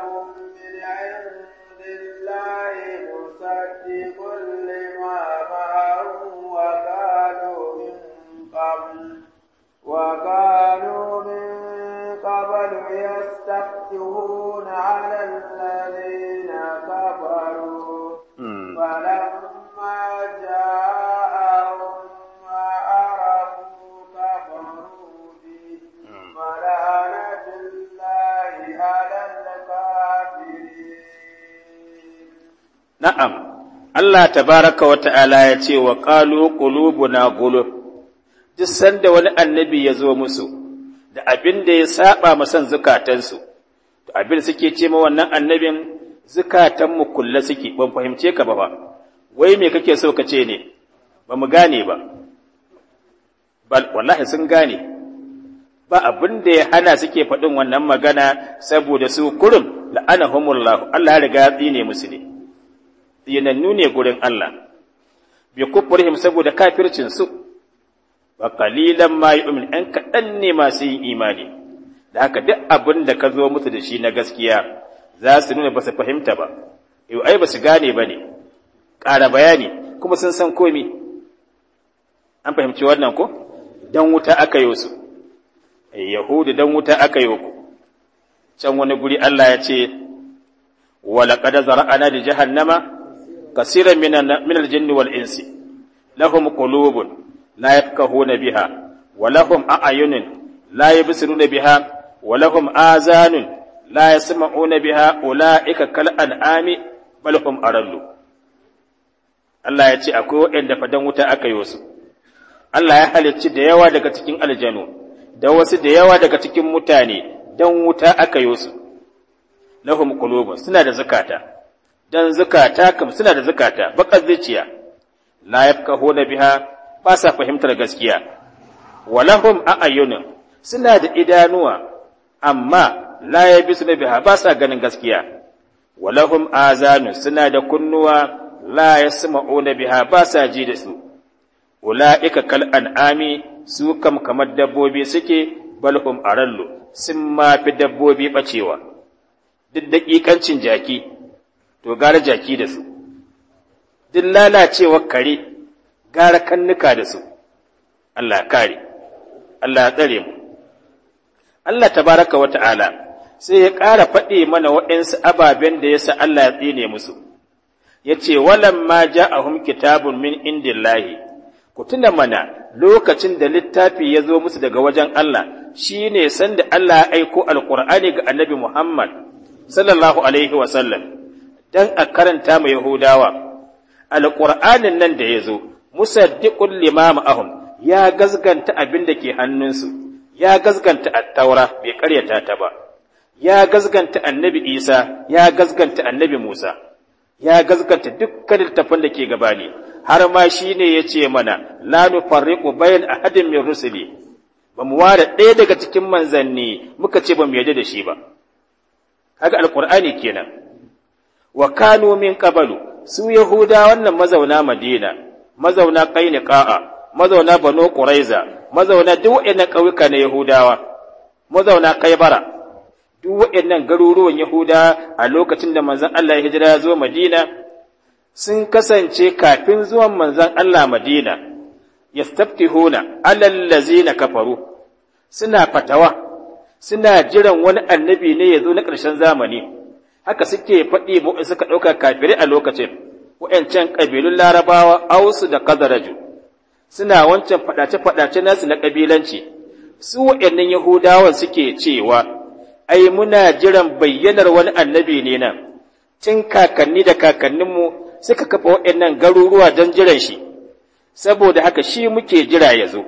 a ya Hmm. But I'm my job. na'am Allah Ta baraka wa ta'ala ya ce wa ƙulubu na gulub duk sanda wani annabi ya zo musu da abin da ya saba ma san zukatansu to abin suke ce ma wannan annabin zukatan mu kulle suke ban fahimce ka ba ba wai me kake so ka ce ne ba mu gane ba ba wallahi sun gane ba abin da ya hana suke faɗin wannan magana saboda su kurum la'anahumullahu Allah ya riga ya tsine musu ne yanannu ne gurin Allah bi kufurihim saboda kafircin su wa qalilan ma yu'min an kaɗan ne masu yin imani da haka duk abin da ka zo musu da shi na gaskiya za su nuna ba su fahimta ba yau ai ba su gane ba ne ƙara bayani kuma sun san komi an fahimci wannan ko dan wuta aka yi su eh, yahudu dan wuta aka yi ku can wani guri Allah ya ce wa laqad zara'ana da jahannama كثيرا من الجن والإنس لهم قلوب لا يفقهون بها ولهم أعين لا يبصرون بها ولهم آذان لا يسمعون بها أولئك كالأنعام بل هم أرلوا Allah ya ce akwai waɗanda fadan wuta aka yi wasu, Allah ya halicci da yawa daga cikin aljanu, da wasu da yawa daga cikin mutane don wuta aka yi wasu, lahum kulubun suna da zukata, dan zukata kam suna da zukata bakar zuciya la na biha ba sa fahimtar gaskiya walahum a'yunun suna da idanuwa amma la yabisuna biha ba sa ganin gaskiya walahum Azanu suna da kunnuwa la yasma'una biha ba sa ji da su ula'ika kal an'ami su kam kamar dabbobi suke balhum arallu sun ma fi dabbobi bacewa duk daƙiƙancin jaki to gara jaki da su duk lalacewar kare gara kannuka da su Allah kare Allah tsare mu Allah baraka wa ta'ala sai ya ƙara faɗi mana waɗansu ababen da ya sa Allah ya tsine musu yace ja ja'ahum kitabun min indillahi ku tuna mana lokacin da littafi ya zo musu daga wajen Allah shi ne sanda Allah ya aiko alƙur'ani ga annabi Muhammad sallallahu alaihi wasallam dan a karanta mu yahudawa alqur'anin nan da ya yazo musaddiqul limam ahum ya gazganta abin da ke hannunsu ya gazganta attaura bai karyata ta ba ya gazganta annabi isa ya gazganta annabi musa ya gazganta dukkan littafin da ke gabani har ma shi ne ya ce mana la nufarriqu bayan ahadin min rusuli ba mu ware ɗaya daga cikin manzanni muka ce ba mu yarda da shi ba kaga alqur'ani kenan wa kanu min qabalu su yahuda wannan mazauna madina mazauna qainqa'a mazauna banu ƙuraiza, mazauna duk waɗannan ƙauyuka na yahudawa mazauna kaibara duk waɗannan garuruwan yahuda a lokacin da manzon Allah ya hijira zuwa madina sun kasance kafin zuwan manzon Allah madina yastaftihuna alal ladzina kafaru suna fatawa suna jiran wani annabi ne ya zo na ƙarshen zamani haka suke faɗi mu'in suka ɗauka kafirai a lokacin wa'ancan ƙabilun larabawa ausu da kazaraju suna wancan faɗace-faɗace nasu na ƙabilanci su wa'annan yahudawan suke cewa ai muna jiran bayyanar wani annabi ne nan tun kakanni da kakanninmu suka kafa wa'annan garuruwa don jiran shi saboda haka shi muke jira ya zo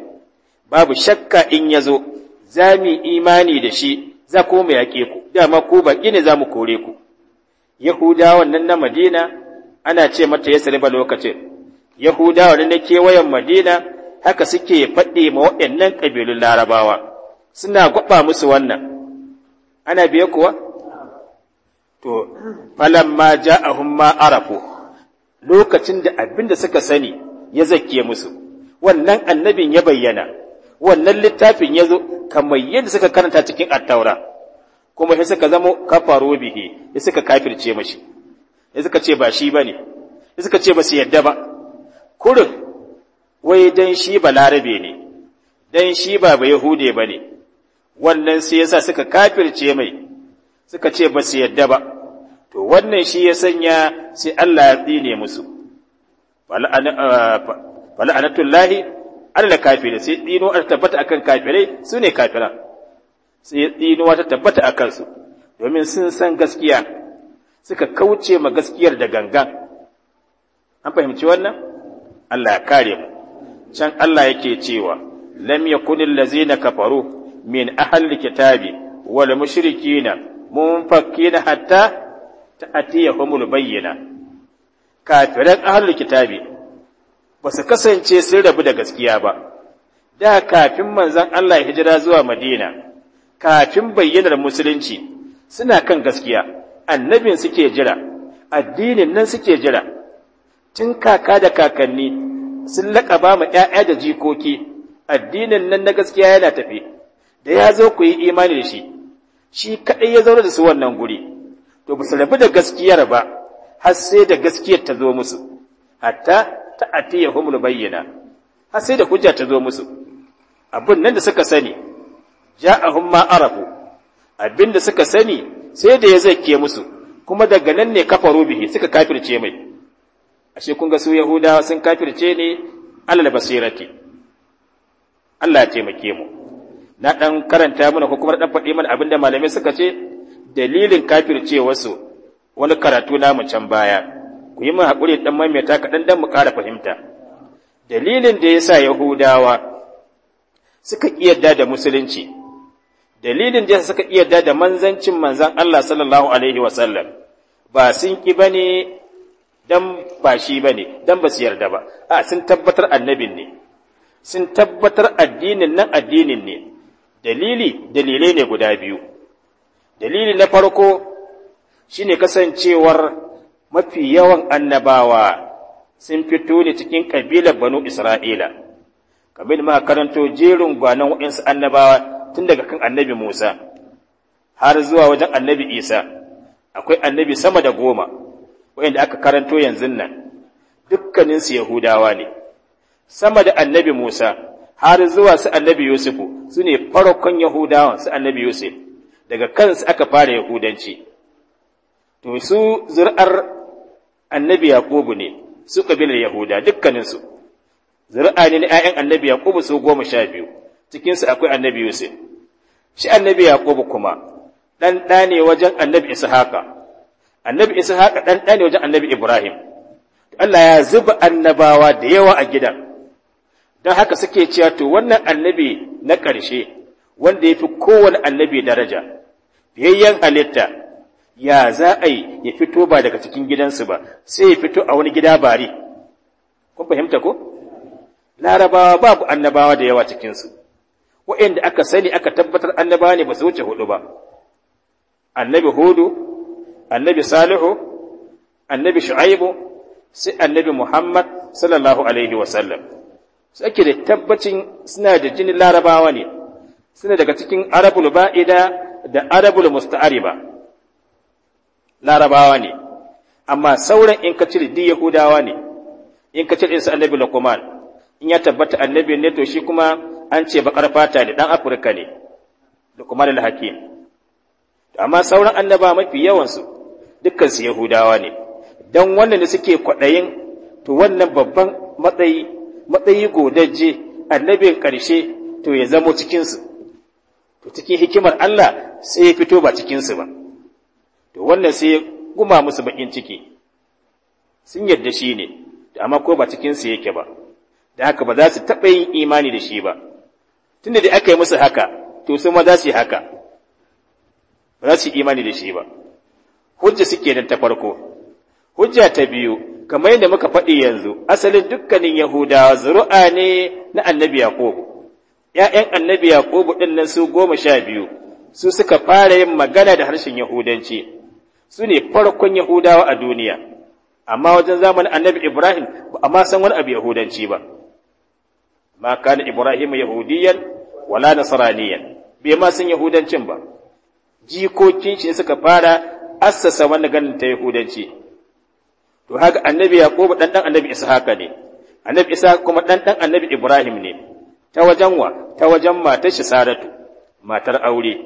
babu shakka in ya zo za mu imani da shi za kuma mu yaƙe ku dama ko baƙi ne za mu kore ku Yahudawan nan na Madina ana ce mata Yasriba lokacin Yahudawan na kewayen Madina haka suke faɗi ma waɗannan ƙabilun Larabawa suna gwaba musu wannan ana biye kuwa to falamma ja'ahum ma arafu lokacin da abin da suka sani ya zakke musu wannan annabin ya bayyana wannan littafin ya zo kamar yadda suka karanta cikin attaura kuma sai suka zama kafaru bihi sai suka kafirce mashi sai suka ce ba shi bane sai suka ce ba su yadda ba kurin wai dan shi ba larabe ne dan shi ba ba yahude bane wannan sai yasa suka kafirce mai suka ce ba su yadda ba to wannan shi ya sanya sai Allah ya tsine musu fala'anatullahi ah, Allah kafire sai dino a tabbata akan kafirai su ne kafiran sai tsinuwa ta tabbata a kansu domin sun san gaskiya suka kauce ma gaskiyar da gangan an fahimci wannan Allah ya kare mu can Allah yake cewa lam yakunil ladzina kafaru min ahli kitabi wal mushrikina munfakkina hatta ta'tiyahumul bayyina kafiran ahli kitabi ba su kasance sun rabu da gaskiya ba da kafin manzon Allah ya hijira zuwa Madina kafin bayyanar musulunci suna kan gaskiya annabin suke jira addinin nan suke jira tun kaka da kakanni sun laƙaba mu ‘ya'ya da jikoki addinin nan na gaskiya yana tafi da ya zo ku yi imani da shi shi kaɗai ya zaura da su wannan guri to ba su rabu da gaskiyar ba har sai da gaskiyar ta zo musu hatta ta atiyahum bayyana har sai da hujja ta zo musu abun nan da suka sani ja'ahum ma arafu abinda suka sani sai da ya zake musu kuma daga nan ne kafaru bihi suka kafirce mai ashe kun ga su yahudawa sun kafirce ne alal basirati Allah ya taimake mu na dan karanta mana ko kuma dan faɗi mana abinda malamai suka ce dalilin su wani karatu namu can baya ku yi mu hakuri dan maimaita kaɗan dan mu ƙara fahimta dalilin da ya sa yahudawa suka ƙi yarda da musulunci dalilin da suka iya da da manzancin manzan Allah sallallahu alaihi wasallam ba sun ki bane dan ba shi bane dan ba su yarda ba a sun tabbatar annabin ne sun tabbatar addinin nan addinin ne dalili dalilai ne guda biyu dalili na farko shine kasancewar mafi yawan annabawa sun fito ne cikin kabilar banu isra'ila kamar ma karanto jerin gwanon waɗansu annabawa tun daga kan annabi Musa har zuwa wajen annabi Isa akwai annabi sama da goma wayanda aka karanto yanzu nan dukkaninsu Yahudawa ne sama da annabi Musa har zuwa su annabi Yusufu su ne farkon Yahudawa su annabi Yusuf daga kansu aka fara Yahudanci to su zuri'ar annabi Yakubu ne su kabilar Yahuda dukkaninsu zuri'a ne na 'ya'yan annabi Yakubu su goma sha biyu cikinsu akwai annabi yusuf shi annabi yakubu kuma dan ɗa wajen annabi ishaqa annabi ishaqa dan ɗa wajen annabi ibrahim Allah ya zuba annabawa da yawa a gidan don haka suke cewa to wannan annabi na ƙarshe wanda ya fi kowane annabi daraja biyayyen halitta ya za a yi ya fito ba daga cikin gidansu ba sai ya fito a wani gida bari kun fahimta ko larabawa babu annabawa da yawa cikinsu waɗanda aka sani aka tabbatar annaba ne ba su wuce hudu ba annabi hudu annabi salihu annabi shu'aibu sai annabi muhammad sallallahu alaihi wasallam su ake da tabbacin suna da jinin larabawa ne suna daga cikin arabul ba'ida da arabul musta'ariba larabawa ne amma sauran in ka cire duk yahudawa ne in ka cire su annabi Lakuman, in ya tabbata annabi ne to shi kuma an ce bakar fata ne ɗan afirka ne da kuma da hakim amma sauran annaba mafi yawansu dukkansu yahudawa ne don wannan da suke kwaɗayin to wannan babban matsayi matsayi godajje annabin ƙarshe to ya zamo cikinsu to cikin hikimar Allah sai ya fito ba cikinsu ba to wannan sai ya guma musu bakin ciki sun yarda shi ne amma ko ba cikinsu yake ba da haka ba za su taɓa yin imani da shi ba tunda da aka yi musu haka to su ma za su yi haka ba za su yi imani da shi ba hujja suke nan ta farko hujja ta biyu kamar yadda muka faɗi yanzu asalin dukkanin yahudawa zuru'a ne na annabi yaqubu ‘ya'yan annabi yaqubu ɗinnan nan su goma sha biyu su suka fara yin magana da harshen yahudanci su ne farkon yahudawa a duniya amma wajen zamanin annabi ibrahim ba a ma san wani abu yahudanci ba ma kana ibrahim yahudiyan wala nasraniyan bai ma san yahudancin ba jikokin shi suka fara assasa wannan ganin ta yahudanci to haka annabi yaqub dan dan annabi ishaqa ne annabi isa kuma dan dan annabi ibrahim ne ta wajen wa ta wajen matar shi saratu matar aure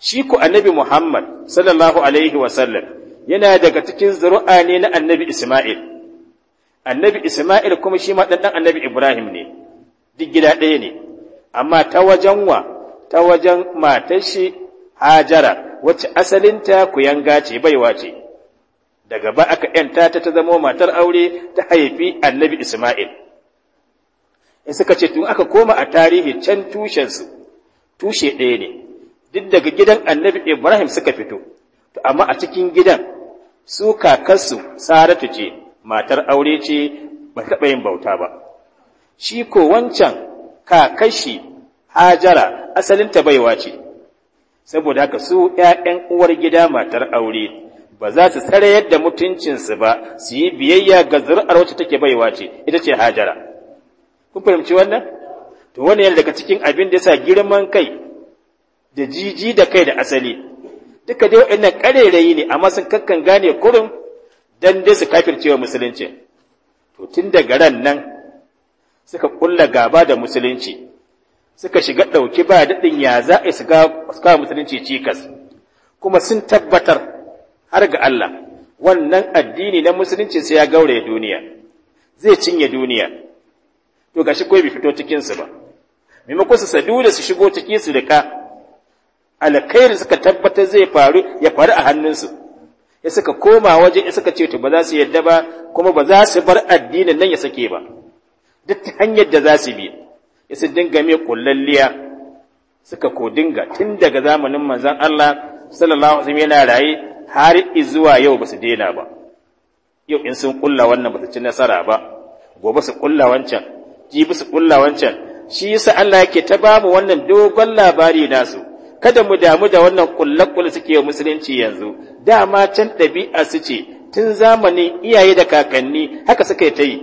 shi ku annabi Muhammad sallallahu alaihi sallam yana daga cikin zuru'a ne na annabi Ismail annabi Isma'il kuma shi ma ɗanɗan annabi Ibrahim ne, duk gida ɗaya ne, amma ta wajen wa, ta wajen matar shi Hajara, wacce asalinta kuyanga ce baiwa ce, daga ba aka ‘yanta ta ta zama matar aure ta haifi annabi Isma'il. In suka ce tun aka koma a tarihi can tushensu, tushe ɗaya ne, duk daga gidan annabi Ibrahim suka fito, to amma a cikin gidan su kakarsu Saratu ce, matar aure ce ba taɓa yin bauta ba shi ko wancan kakashi hajara asalinta baiwa ce saboda haka su ‘ya'yan uwar gida matar aure ba za su tsare yadda mutuncinsu ba su yi biyayya ga zuri'ar wacce take baiwa ce ita ce hajara kun fahimci wannan to wani yana daga cikin abin da sa girman kai da jiji da kai da asali duka dai waɗannan ƙarerayi ne amma sun kakkan gane kurin dan dai su wa musulunci to tun daga ran nan suka kulla gaba da musulunci suka shiga ɗauki ba daɗin ya za a su kawo musulunci cikas kuma sun tabbatar har ga Allah wannan addini na musulunci sai ya gauraya duniya zai cinye duniya to gashi kawai bai fito cikinsu ba maimakon su sadu da su shigo ciki su rika alkhairi suka tabbatar zai faru ya faru a hannunsu ya suka koma waje ya suka ce to ba za su yadda ba kuma ba za su bar addinin nan ya sake ba duk ta hanyar da za su bi ya su dinga mai kullalliya suka ko dinga tun daga zamanin manzon Allah sallallahu alaihi wasallam yana raye har zuwa yau ba su daina ba yau in sun kulla wannan ba su ci nasara ba gobe su kulla wancan jibi su kulla wancan shi yasa Allah yake ta ba mu wannan dogon labari nasu kada mu damu da wannan kullakul suke musulunci yanzu dama can ɗabi'a su ce tun zamanin iyaye da kakanni haka suka yi ta yi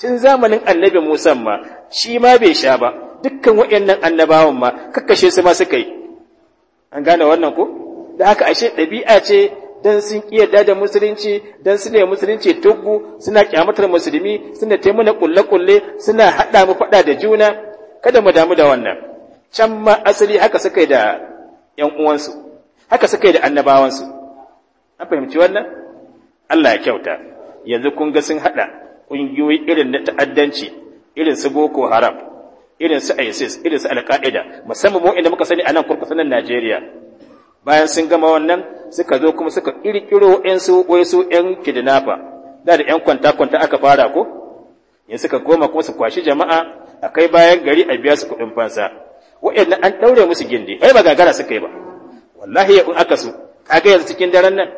tun zamanin annabi Musa ma shi ma bai sha ba dukkan waɗannan annabawan ma kakkashe su ma suka yi an gane wannan ko da haka ashe ɗabi'a ce dan sun iya da musulunci dan su ne musulunci tuggu suna kyamatar musulmi suna taimuna kulle-kulle suna haɗa mu faɗa da juna kada mu damu da wannan can ma asali haka suka yi da ‘yan uwansu haka suka yi da annabawansu an fahimci wannan Allah ya kyauta yanzu kun ga sun haɗa ƙungiyoyi irin na ta'addanci irin su boko haram irin su isis irin su alƙa'ida musamman mu inda muka sani a nan kurkusanin najeriya bayan sun gama wannan suka zo kuma suka ƙirƙiro wai su ƴan kidnapper da da ƴan kwanta-kwanta aka fara ko yanzu suka goma kuma su kwashi jama'a a kai bayan gari a biya su kuɗin fansa waɗannan an ɗaure musu gindi ai ba gagara suka yi ba wallahi in aka su kaga yanzu cikin daren nan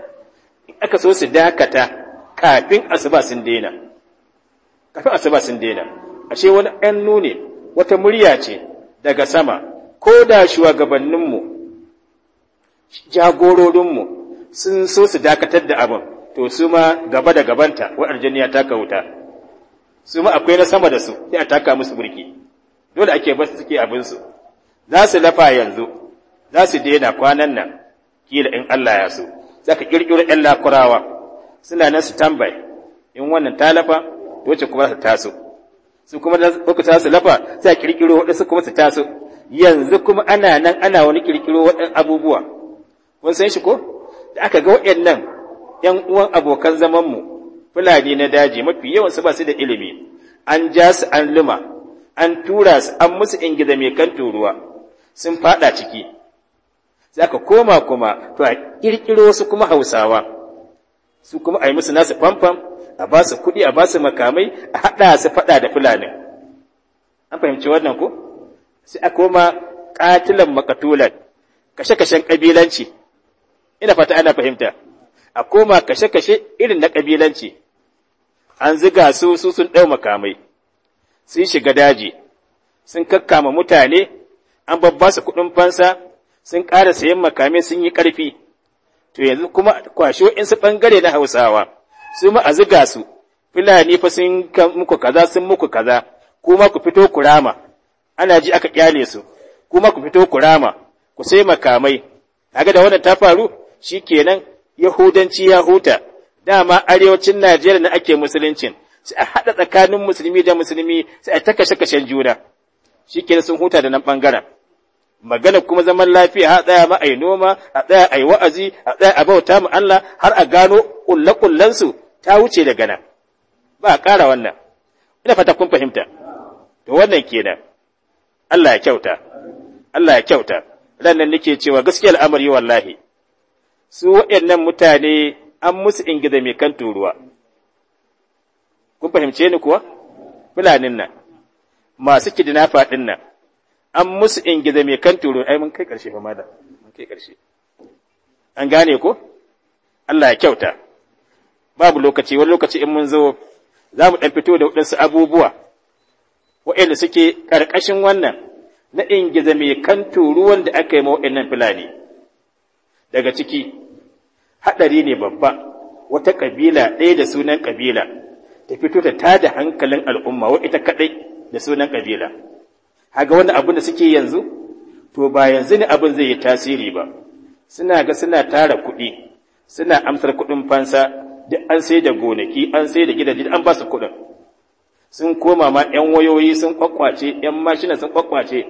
aka so su dakata kafin asuba sun daina kafin asuba sun daina ashe wani ɗan nune wata murya ce daga sama ko da shugabanninmu jagororinmu sun so su dakatar da abin to su ma gaba da gabanta wa arjaniya ta kauta su ma akwai na sama da su sai a taka musu burki dole ake basu suke abinsu za su lafa yanzu za su daina kwanan nan kila in Allah ya so zaka kirkiro ɗan lakurawa suna nan su tambaye in wannan ta lafa to wace kuma za ta taso su kuma uku ta su lafa sai kirkiro waɗansu kuma su taso yanzu kuma ana nan ana wani kirkiro waɗan abubuwa kun san shi ko da aka ga waɗannan yan uwan abokan zaman mu fulani na daji mafi yawan su ba su da ilimi an ja su an luma an tura su an musu ingida mai kan turuwa sun faɗa ciki sai aka koma kuma to a ƙirƙiro su kuma hausawa su kuma a yi musu nasu famfam a ba su kuɗi a ba su makamai a haɗa su faɗa da fulani an fahimci wannan ko sai a koma katilan makatulan kashe-kashen ƙabilanci ina fata ana fahimta a koma kashe-kashe irin na kabilanci an ziga su su sun ɗau makamai sun shiga daji sun kakkama mutane an babba su kuɗin fansa sun ƙara sayan makamai sun yi ƙarfi to yanzu kuma kwasho in su ɓangare na hausawa su ma a ziga su fulani fa sun muku kaza sun muku kaza kuma ku fito ku rama ana ji aka ƙyale su kuma ku fito ku rama ku sai makamai kaga da wannan ta faru shi shikenan yahudanci ya huta dama arewacin Najeriya na ake musuluncin sai a haɗa tsakanin musulmi da musulmi sai a taka shakashen kashen juna kenan sun huta da nan ɓangaren magana kuma zaman lafiya a tsaya ma ai noma a tsaya ai wa'azi a tsaya a bauta mu Allah har a gano kullakullan su ta wuce daga nan ba ƙara wannan ina fata kun fahimta to wannan kenan Allah ya kyauta Allah ya kyauta rannan nake cewa gaskiyar al'amari wallahi su waɗannan mutane an musu ingiza mai kan turuwa kun fahimce ni kuwa fulanin nan masu kidina faɗin nan an musu ingida mai kan turu. ai mun kai karshe fa mada mun kai karshe an gane ko Allah ya kyauta babu lokaci wani lokaci in mun zo za mu ɗan fito da waɗansu abubuwa waɗanda suke ƙarƙashin wannan na ingiza mai kan turu wanda aka yi mawa waɗannan fulani daga ciki haɗari ne babba wata ƙabila ɗaya da sunan ƙabila ta fito ta tada hankalin al'umma wa ita kaɗai da sunan ƙabila haga wani abin da suke yanzu to ba yanzu ne abin zai yi tasiri ba suna ga suna tara kuɗi suna amsar kuɗin fansa duk an sai da gonaki an sai da gidaje an ba su kuɗin sun koma ma ƴan wayoyi sun kwakwace ƴan mashina sun kwakwace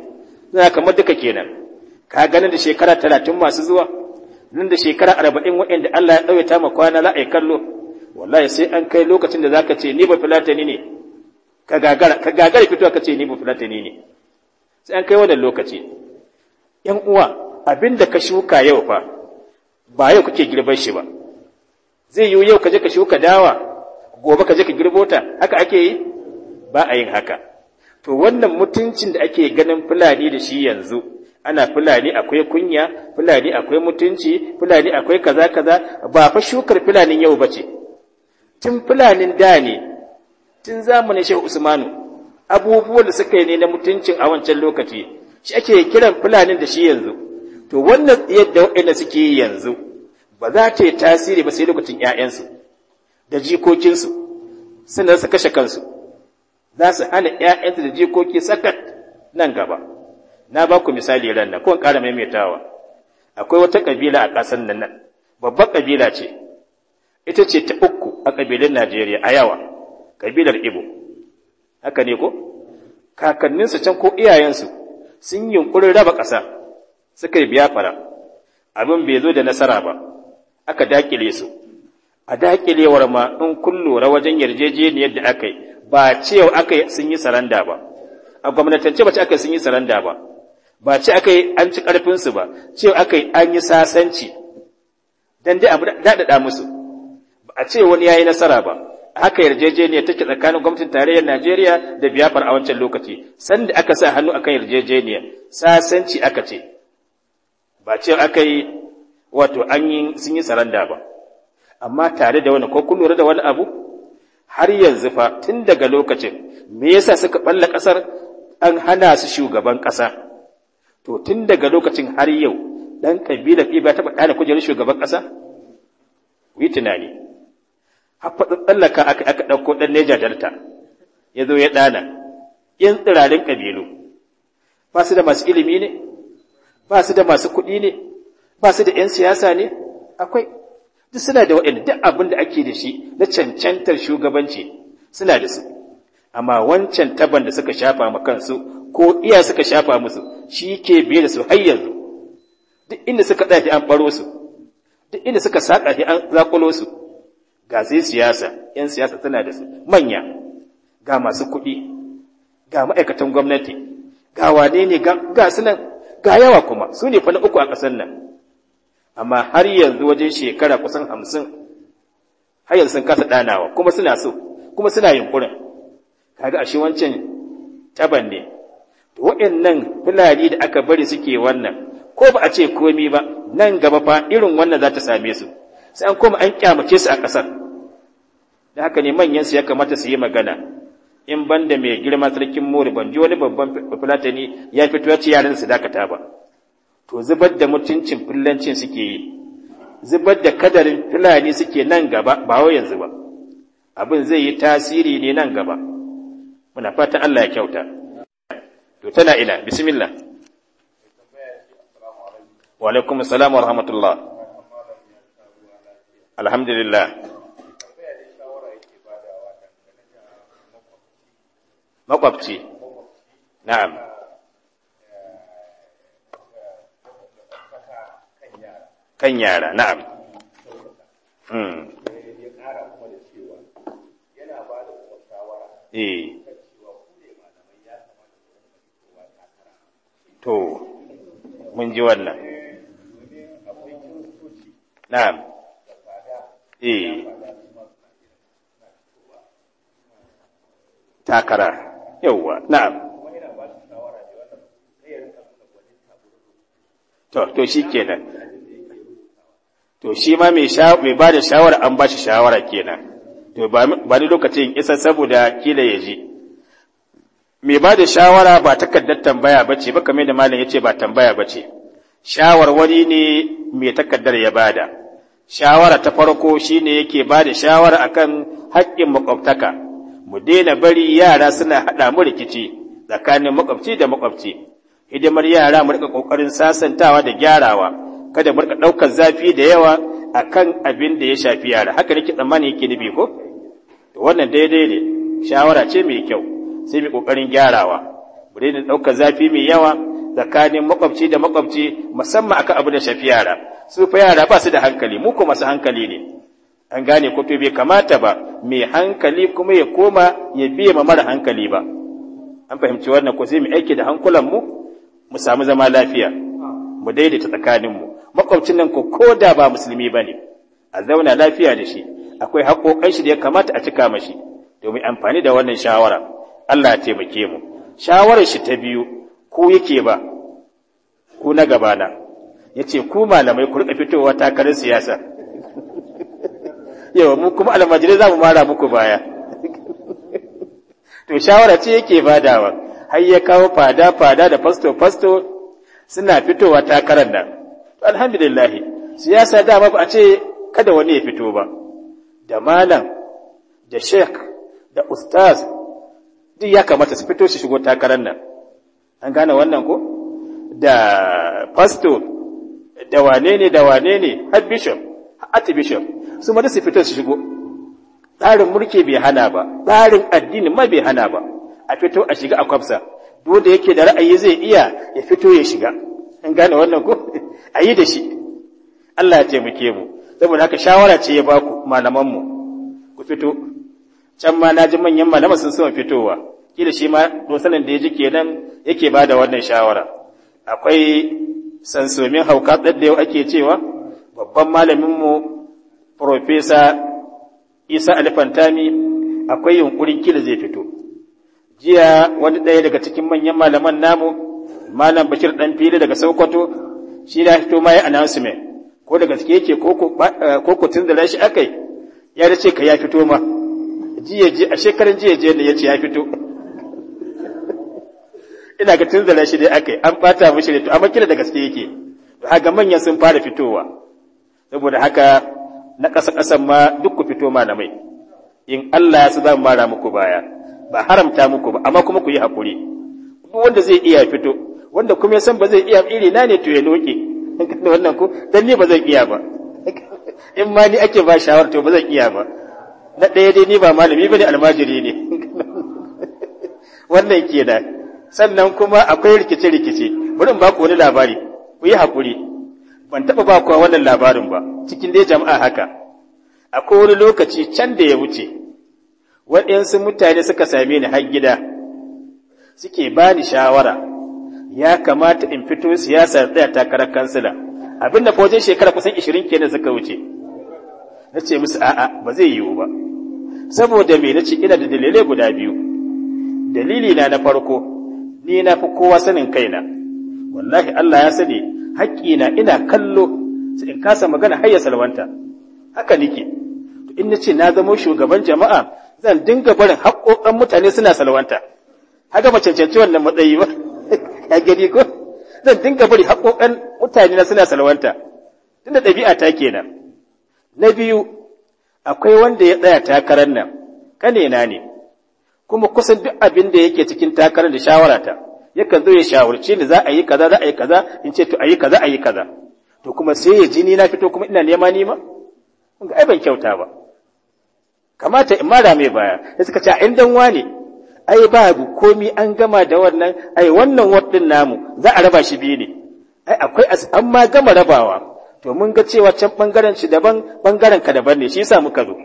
suna kamar duka kenan ka ganin da shekara talatin masu zuwa nan da shekara arba'in waɗanda Allah ya ɗauye ta ma kwana la'ai kallo wallahi sai an kai lokacin da zaka ce ni ba filatani ne ka gagara ka gagara fitowa ka ce ni ba filatani ne sai an kai wannan lokaci ‘yan uwa abinda ka shuka yau fa ba yau kake girban shi ba zai yiwu yau ka je ka shuka dawa gobe ka je ka girbo ta haka ake yi ba a yin haka to wannan mutuncin da ake ganin fulani da shi yanzu ana fulani akwai kunya fulani akwai mutunci fulani akwai kaza kaza ba fa shukar fulanin yau bace tun fulanin da ne tun zamanin shehu usmanu abubuwan da suka yi ne na mutuncin a wancan lokaci shi ake kiran fulani da shi yanzu to wannan yadda waɗanda suke yi yanzu ba za ta yi tasiri ba sai lokacin ‘ya'yansu da jikokinsu sannan su kashe kansu za su hana ‘ya'yansu da jikoki saka nan gaba na ba ku misali ran nan kowane ƙara maimaitawa akwai wata ƙabila a ƙasar nan nan babbar ƙabila ce ita ce ta uku a ƙabilun najeriya a yawa ƙabilar ibo haka ne ko kakanninsu can ko iyayensu sun yunkurin raba ƙasa suka biya fara abin bai zo da nasara ba aka dakile su a dakilewar ma in kun lura wajen yarjejeniyar da aka yi ba cewa aka yi sun yi saranda ba a gwamnatance ba ce aka yi sun yi saranda ba ba ce aka yi an ci ƙarfinsu ba cewa aka yi an yi sasanci don dai abu daɗaɗa musu ba a ce wani ya yi nasara ba haka yarjejeniya take tsakanin gwamnatin tarayyar Najeriya da biyafar a wancan lokaci sanda aka sa hannu akan yarjejeniya sasanci aka ce ba ce aka yi wato an yi sun yi saranda ba amma tare da wani ko kun da wani abu har yanzu fa tun daga lokacin me yasa suka balla kasar an hana su shugaban kasa to tun daga lokacin har yau dan kabila fi ba taba kana kujerar shugaban ƙasa Wi tunani hafaɗin tsallaka aka aka ɗauko ɗan neja delta ya zo ya ɗana yan tsirarin ƙabilu ba su da masu ilimi ne ba su da masu kuɗi ne ba su da 'yan siyasa ne akwai duk suna da waɗanda duk abin da ake da shi na cancantar shugabanci suna da su amma wancan taban da suka shafa ma kansu ko iya suka shafa musu shi ke biye da su har yanzu duk inda suka ɗaya an ɓaro su duk inda suka saƙa an zaƙulo su ga sai siyasa ‘yan siyasa tana da su manya ga masu kuɗi ga ma'aikatan gwamnati ga wane ne ga su nan ga yawa kuma su ne fa na uku a ƙasar nan amma har yanzu wajen shekara kusan hamsin har yanzu sun kasa ɗanawa kuma suna so kuma suna yunkurin kaga ashe wancan taban ne nan fulani da aka bari suke wannan ko ba a ce komi ba nan gaba fa irin wannan za ta same su sai an koma an kyamace su a ƙasar da haka ne manyan su ya kamata su yi magana in banda mai girma sarkin mori ban ji wani babban fulatani ya fito ya ce yaran su dakata ba to zubar da mutuncin fillancin suke yi zubar da kadarin fulani suke nan gaba ba wai yanzu ba abin zai yi tasiri ne nan gaba muna fatan Allah ya kyauta to tana ina bismillah wa alaikum wa rahmatullah alhamdulillah makwabci na'am kan yara na'am hmm. eh to mun ji wannan na'am eh takara yawwa na'am to to shikenan to shi ma mai mai shawara an ba shi shawara kenan to ba lokacin isa saboda kila ya ji mai ba da shawara ba takardar tambaya bace ba kamar da malam yace ba tambaya bace shawarwari ne mai takardar ya bada shawara ta farko shine yake ba da shawara akan haƙƙin makwabtaka mu daina bari yara suna haɗa mu rikici tsakanin makwabci da makwabci hidimar yara mu rika ƙoƙarin sasantawa da gyarawa kada mu rika ɗaukar zafi da yawa akan abin da ya shafi yara haka nake tsammani yake nufi ko wannan daidai ne shawara ce mai kyau sai mu ƙoƙarin gyarawa mu daina ɗaukar zafi mai yawa tsakanin makwabci da makwabci musamman akan abu da shafi yara su fa yara ba su da hankali mu kuma su hankali ne an gane ko bai kamata ba mai hankali kuma ya koma ya biye ma mara hankali ba an fahimci wannan ko sai mu aiki da hankulan mu mu samu zama lafiya mu daidaita tsakanin mu makwabcin nan ko koda ba musulmi bane a zauna lafiya da shi akwai haƙoƙan shi da ya kamata a cika mashi domin amfani da wannan shawara Allah ya taimake mu shawarar shi ta biyu ko yake ba ko na gabana ya ce ku malamai ku rika fitowa takarar siyasa yawa mu kuma almajirai za mu mara muku baya to shawara ce yake badawa har ya kawo fada fada da fasto fasto suna fitowa takarar nan alhamdulillah siyasa dama ba a ce kada wani ya fito ba da malam da sheikh da ustaz duk ya kamata su fito su shigo takarar nan an gane wannan ko da pastor da wane ne da wane ne har bishop bishop su ma su fito su shigo tsarin mulki bai hana ba tsarin addini ma bai hana ba a fito a shiga a kwafsa duk da yake da ra'ayi zai iya ya fito ya shiga an gane wannan ko a yi da shi Allah ya taimake mu saboda haka shawara ce ya baku mu ku fito can ma na ji manyan malaman sun so fitowa kila shi ma sanin da ya ji kenan yake ba da wannan shawara akwai sansomin hauka da yau ake cewa babban malaminmu profesa isa alfantami akwai yunkurin kila zai fito jiya wani ɗaya daga cikin manyan malaman namu malam bashir ɗan fili daga sokoto shi da fito ma ya announcement ko da gaske yake ko ku da eh, shi akai ya dace ka ya fito ma jiya a shekarun jiya jiya ne ya ce ya fito ina ga tun zara shi dai akai an bata mishi da to amma kila da gaske yake haka manyan sun fara fitowa saboda haka na ƙasa ƙasan ma duk ku fito ma na mai in Allah ya su zan mara muku baya ba haramta muku ba amma kuma ku yi hakuri duk wanda zai iya fito wanda kuma ya san ba zai iya iri na ne to ya noke wannan ku dan ni ba zan iya ba in ma ni ake ba shawar to ba zan iya ba na ɗaya dai ni ba malami ba ne almajiri ne wannan kenan sannan kuma akwai rikice-rikice burin ba ku wani labari ku yi haƙuri ban taɓa ba kuwa wannan labarin ba cikin dai jama'a haka akwai wani lokaci can da ya wuce waɗansu mutane suka same ni har gida suke ba ni shawara ya kamata in fito siyasar tsaya takarar kansila abin da fojin shekara kusan ishirin kenan suka wuce na ce musu a'a ba zai yiwu ba saboda me na ce ina da dalilai guda biyu dalili na na farko ni na fi kowa sanin kaina wallahi Allah ya sani haƙƙina ina kallo sai in kasa magana har ya salwanta haka nike to in nace na zama shugaban jama'a zan dinga barin haƙoƙan mutane suna salwanta haka ba cancanci wannan matsayi ba ya gani ko zan dinga bari haƙoƙan mutane na suna salwanta tunda ɗabi'a ta kenan na biyu akwai wanda ya tsaya takarar nan na ne kuma kusan duk abin da yake cikin takarar da shawara ta, yakan zo ya shawarci ni za a yi kaza za a yi kaza in ce to a yi kaza a yi kaza to kuma sai ya ji ni na fito kuma ina nema nima? ga ai ban kyauta ba kamata in mara mai baya sai suka ce a dan wane ai babu komi an gama da wannan ai wannan wadin namu za a raba shi biyu ne ai akwai an ma gama rabawa to mun ga cewa can bangaren shi daban bangaren ka daban ne shi yasa muka zo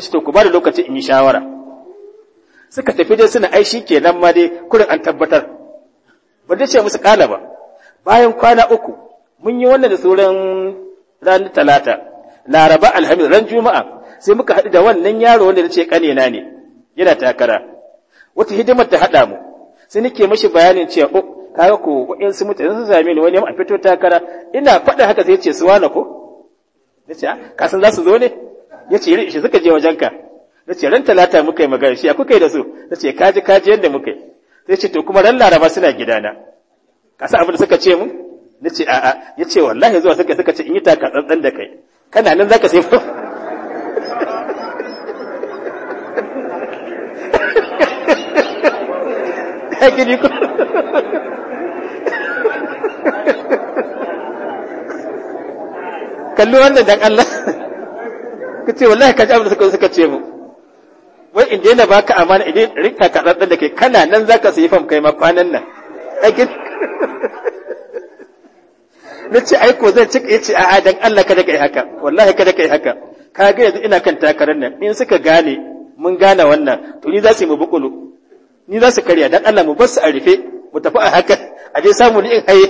sai to ku ba da lokaci in yi shawara suka tafi dai suna ai shi kenan ma dai kurin an tabbatar ba dai ce musu kala ba bayan kwana uku mun yi wannan da sauran ranar talata laraba alhamis ran juma'a sai muka haɗu da wannan yaro wanda da ce kanena ne yana takara wata hidimar ta haɗa mu sai nake mashi bayanin cewa ko oh, kaga ko su mutane sun same ni wani a fito takara ina faɗa haka sai ce su wane ko nace ah, ka san za su zo ne yace iri shi suka je wajen ka. na ce ran talata muka yi magana shi a kuka yi da su na ce kaji kaji yadda muka yi sai ce to kuma ran laraba suna gidana kasa abin da suka ce mu na ce a'a ya ce wallahi zuwa suka suka ce in yi taka tsantsan da kai kana nan zaka sai ya gini ku kallo wannan dan Allah ce wallahi kaji abin da suka suka ce mu wai in daina baka amana idan rika ka da kai kana nan zaka sayi fam kai ma kwanan nan na ce aiko zai cika ya ce a'a dan Allah kada kai haka wallahi kada kai haka ka ga yanzu ina kan takarar nan in suka gane mun gane wannan to ni za su yi mu bukulu ni za su karya dan Allah mu bar su a rufe mu tafi a haka a je samu ni in haye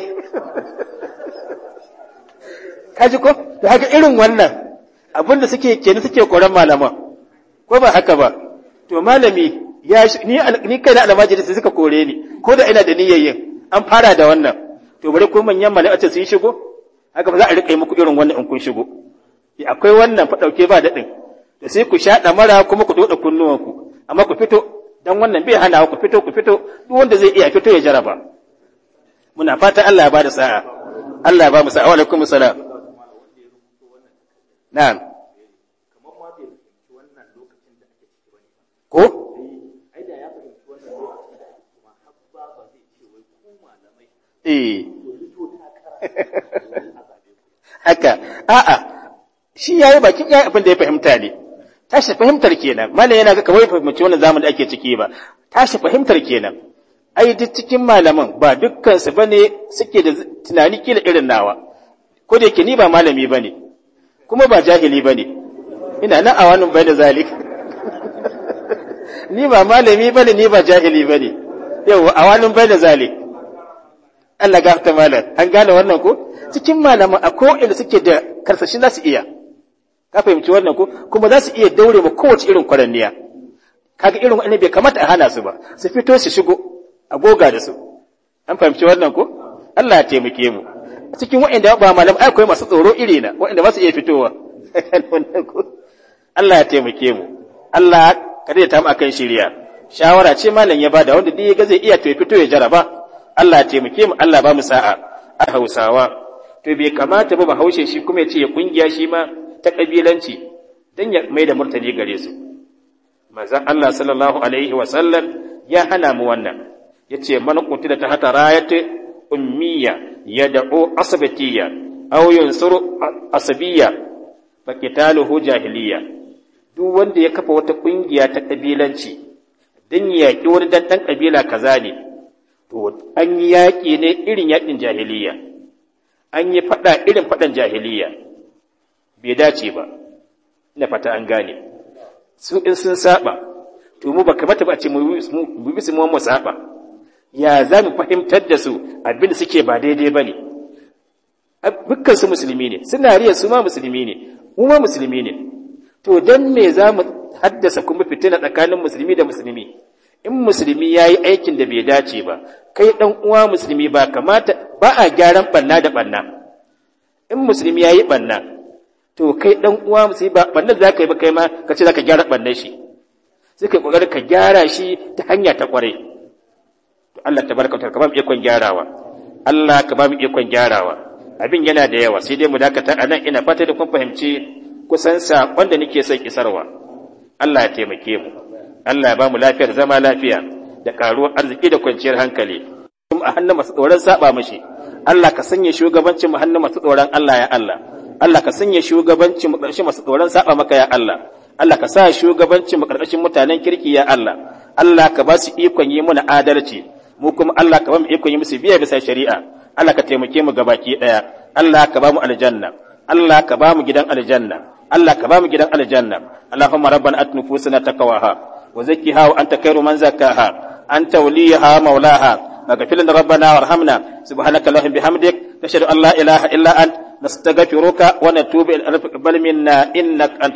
ka ji ko to haka irin wannan abinda suke kenan suke koran malama ko ba haka ba to malami ya ni ni na almajiri sai suka kore ni ko da ina da niyyar an fara da wannan to bari ko manyan mala'ata su yi shigo haka ba za a rika yi muku irin wannan in kun shigo ya akwai wannan fa dauke ba dadin da sai ku shaɗa mara kuma ku kunnuwan kunnuwanku amma ku fito dan wannan bai hana ku fito ku fito duk wanda zai iya fito ya jaraba muna fata Allah ya bada sa'a Allah ya ba mu sa'a wa alaikumus salam na'am ko eh. haka a'a shi yayi bakin yayi abin da ya fahimta ne tashi fahimtar kenan malam yana ga kawai fahimci wannan zamani da ake ciki ba tashi fahimtar kenan ai duk cikin malaman ba dukkansu ba ne suke da tunani kila irin nawa ko da yake ni ba malami ba ne, kuma ba jahili ba ne, ina nan a bai da zalika ni ba malami ba ni ba jahili ba ne. yau a wani bai da zali? Allah ta malam an gane wannan ko cikin malama a ko'ina suke da karsashin za su iya ka fahimci wannan ko kuma za su iya daure ma kowace irin kwaranniya kaga irin wani bai kamata a hana su ba su fito su shigo a goga da su an fahimci wannan ko Allah ya taimake mu cikin waɗanda ba malam ai akwai masu tsoro iri na waɗanda ba su iya fitowa Allah ya taimake mu Allah ka daidaita a akan shirya shawara ce malam ya bada wanda duk ya zai iya to ya fito ya jaraba Allah ya taimake mu Allah ba mu sa'a a Hausawa to bai kamata ba Bahaushe shi kuma ya ce ya kungiya shi ma ta kabilanci dan ya mai da murtani gare su manzon Allah sallallahu alaihi wa sallam ya hana mu wannan yace man kuntida da ta hata rayat ummiya yad'u asbatiyya aw yansuru asabiyya fa qitaluhu jahiliyya duk wanda ya kafa wata ƙungiya ta ƙabilanci don yaƙi wani dan ɗan ƙabila kaza ne to an yi yaƙi ne irin yaƙin jahiliya an yi faɗa irin faɗan jahiliya bai dace ba ina fata an gane su in sun saba to mu ba mata ba ce mu bi su mu saba ya za mu fahimtar da su abin da suke ba daidai ba ne dukkan su musulmi ne suna riya su ma musulmi ne mu ma musulmi ne to dan me za mu haddasa kuma fitina tsakanin musulmi da musulmi in musulmi ya yi aikin da bai dace ba kai ɗan uwa musulmi ba kamata ba a gyaran ɓanna da ɓanna in musulmi ya yi ɓanna to kai ɗan uwa musulmi ba ɓanna za ka yi ba kai ma ka ce za ka gyara ɓannan shi sai ka ƙoƙari ka gyara shi ta hanya ta ƙwarai to Allah ta barka ka ba mu ikon gyarawa Allah ka ba mu ikon gyarawa abin yana da yawa sai dai mu dakata nan ina fata da kun fahimci kusan saƙon da nake son isarwa Allah ya taimake mu Allah ya ba mu lafiyar zama lafiya da ƙaruwar arziki da kwanciyar hankali kuma a hannun masu tsoron saba mashi Allah ka sanya shugabancin mu hannun masu tsoron Allah ya Allah Allah ka sanya shugabancin mu ƙarshen masu tsoron saba maka ya Allah Allah ka sa shugabancin mu ƙarƙashin mutanen kirki ya Allah Allah ka ba su ikon yi mana adalci mu kuma Allah ka ba mu ikon yi musu biya bisa shari'a Allah ka taimake mu gabaki daya Allah ka ba mu aljanna Allah ka ba mu gidan aljanna Allah ka ba mu gidan aljanna Allahumma rabbana atnu fusana taqwaha wa zakkiha wa anta khairu man zakkaha anta waliyaha maulaha maghfir lana rabbana warhamna subhanaka allahumma bihamdik nashhadu an la ilaha illa ant nastaghfiruka wa natubu ilaik bal minna innaka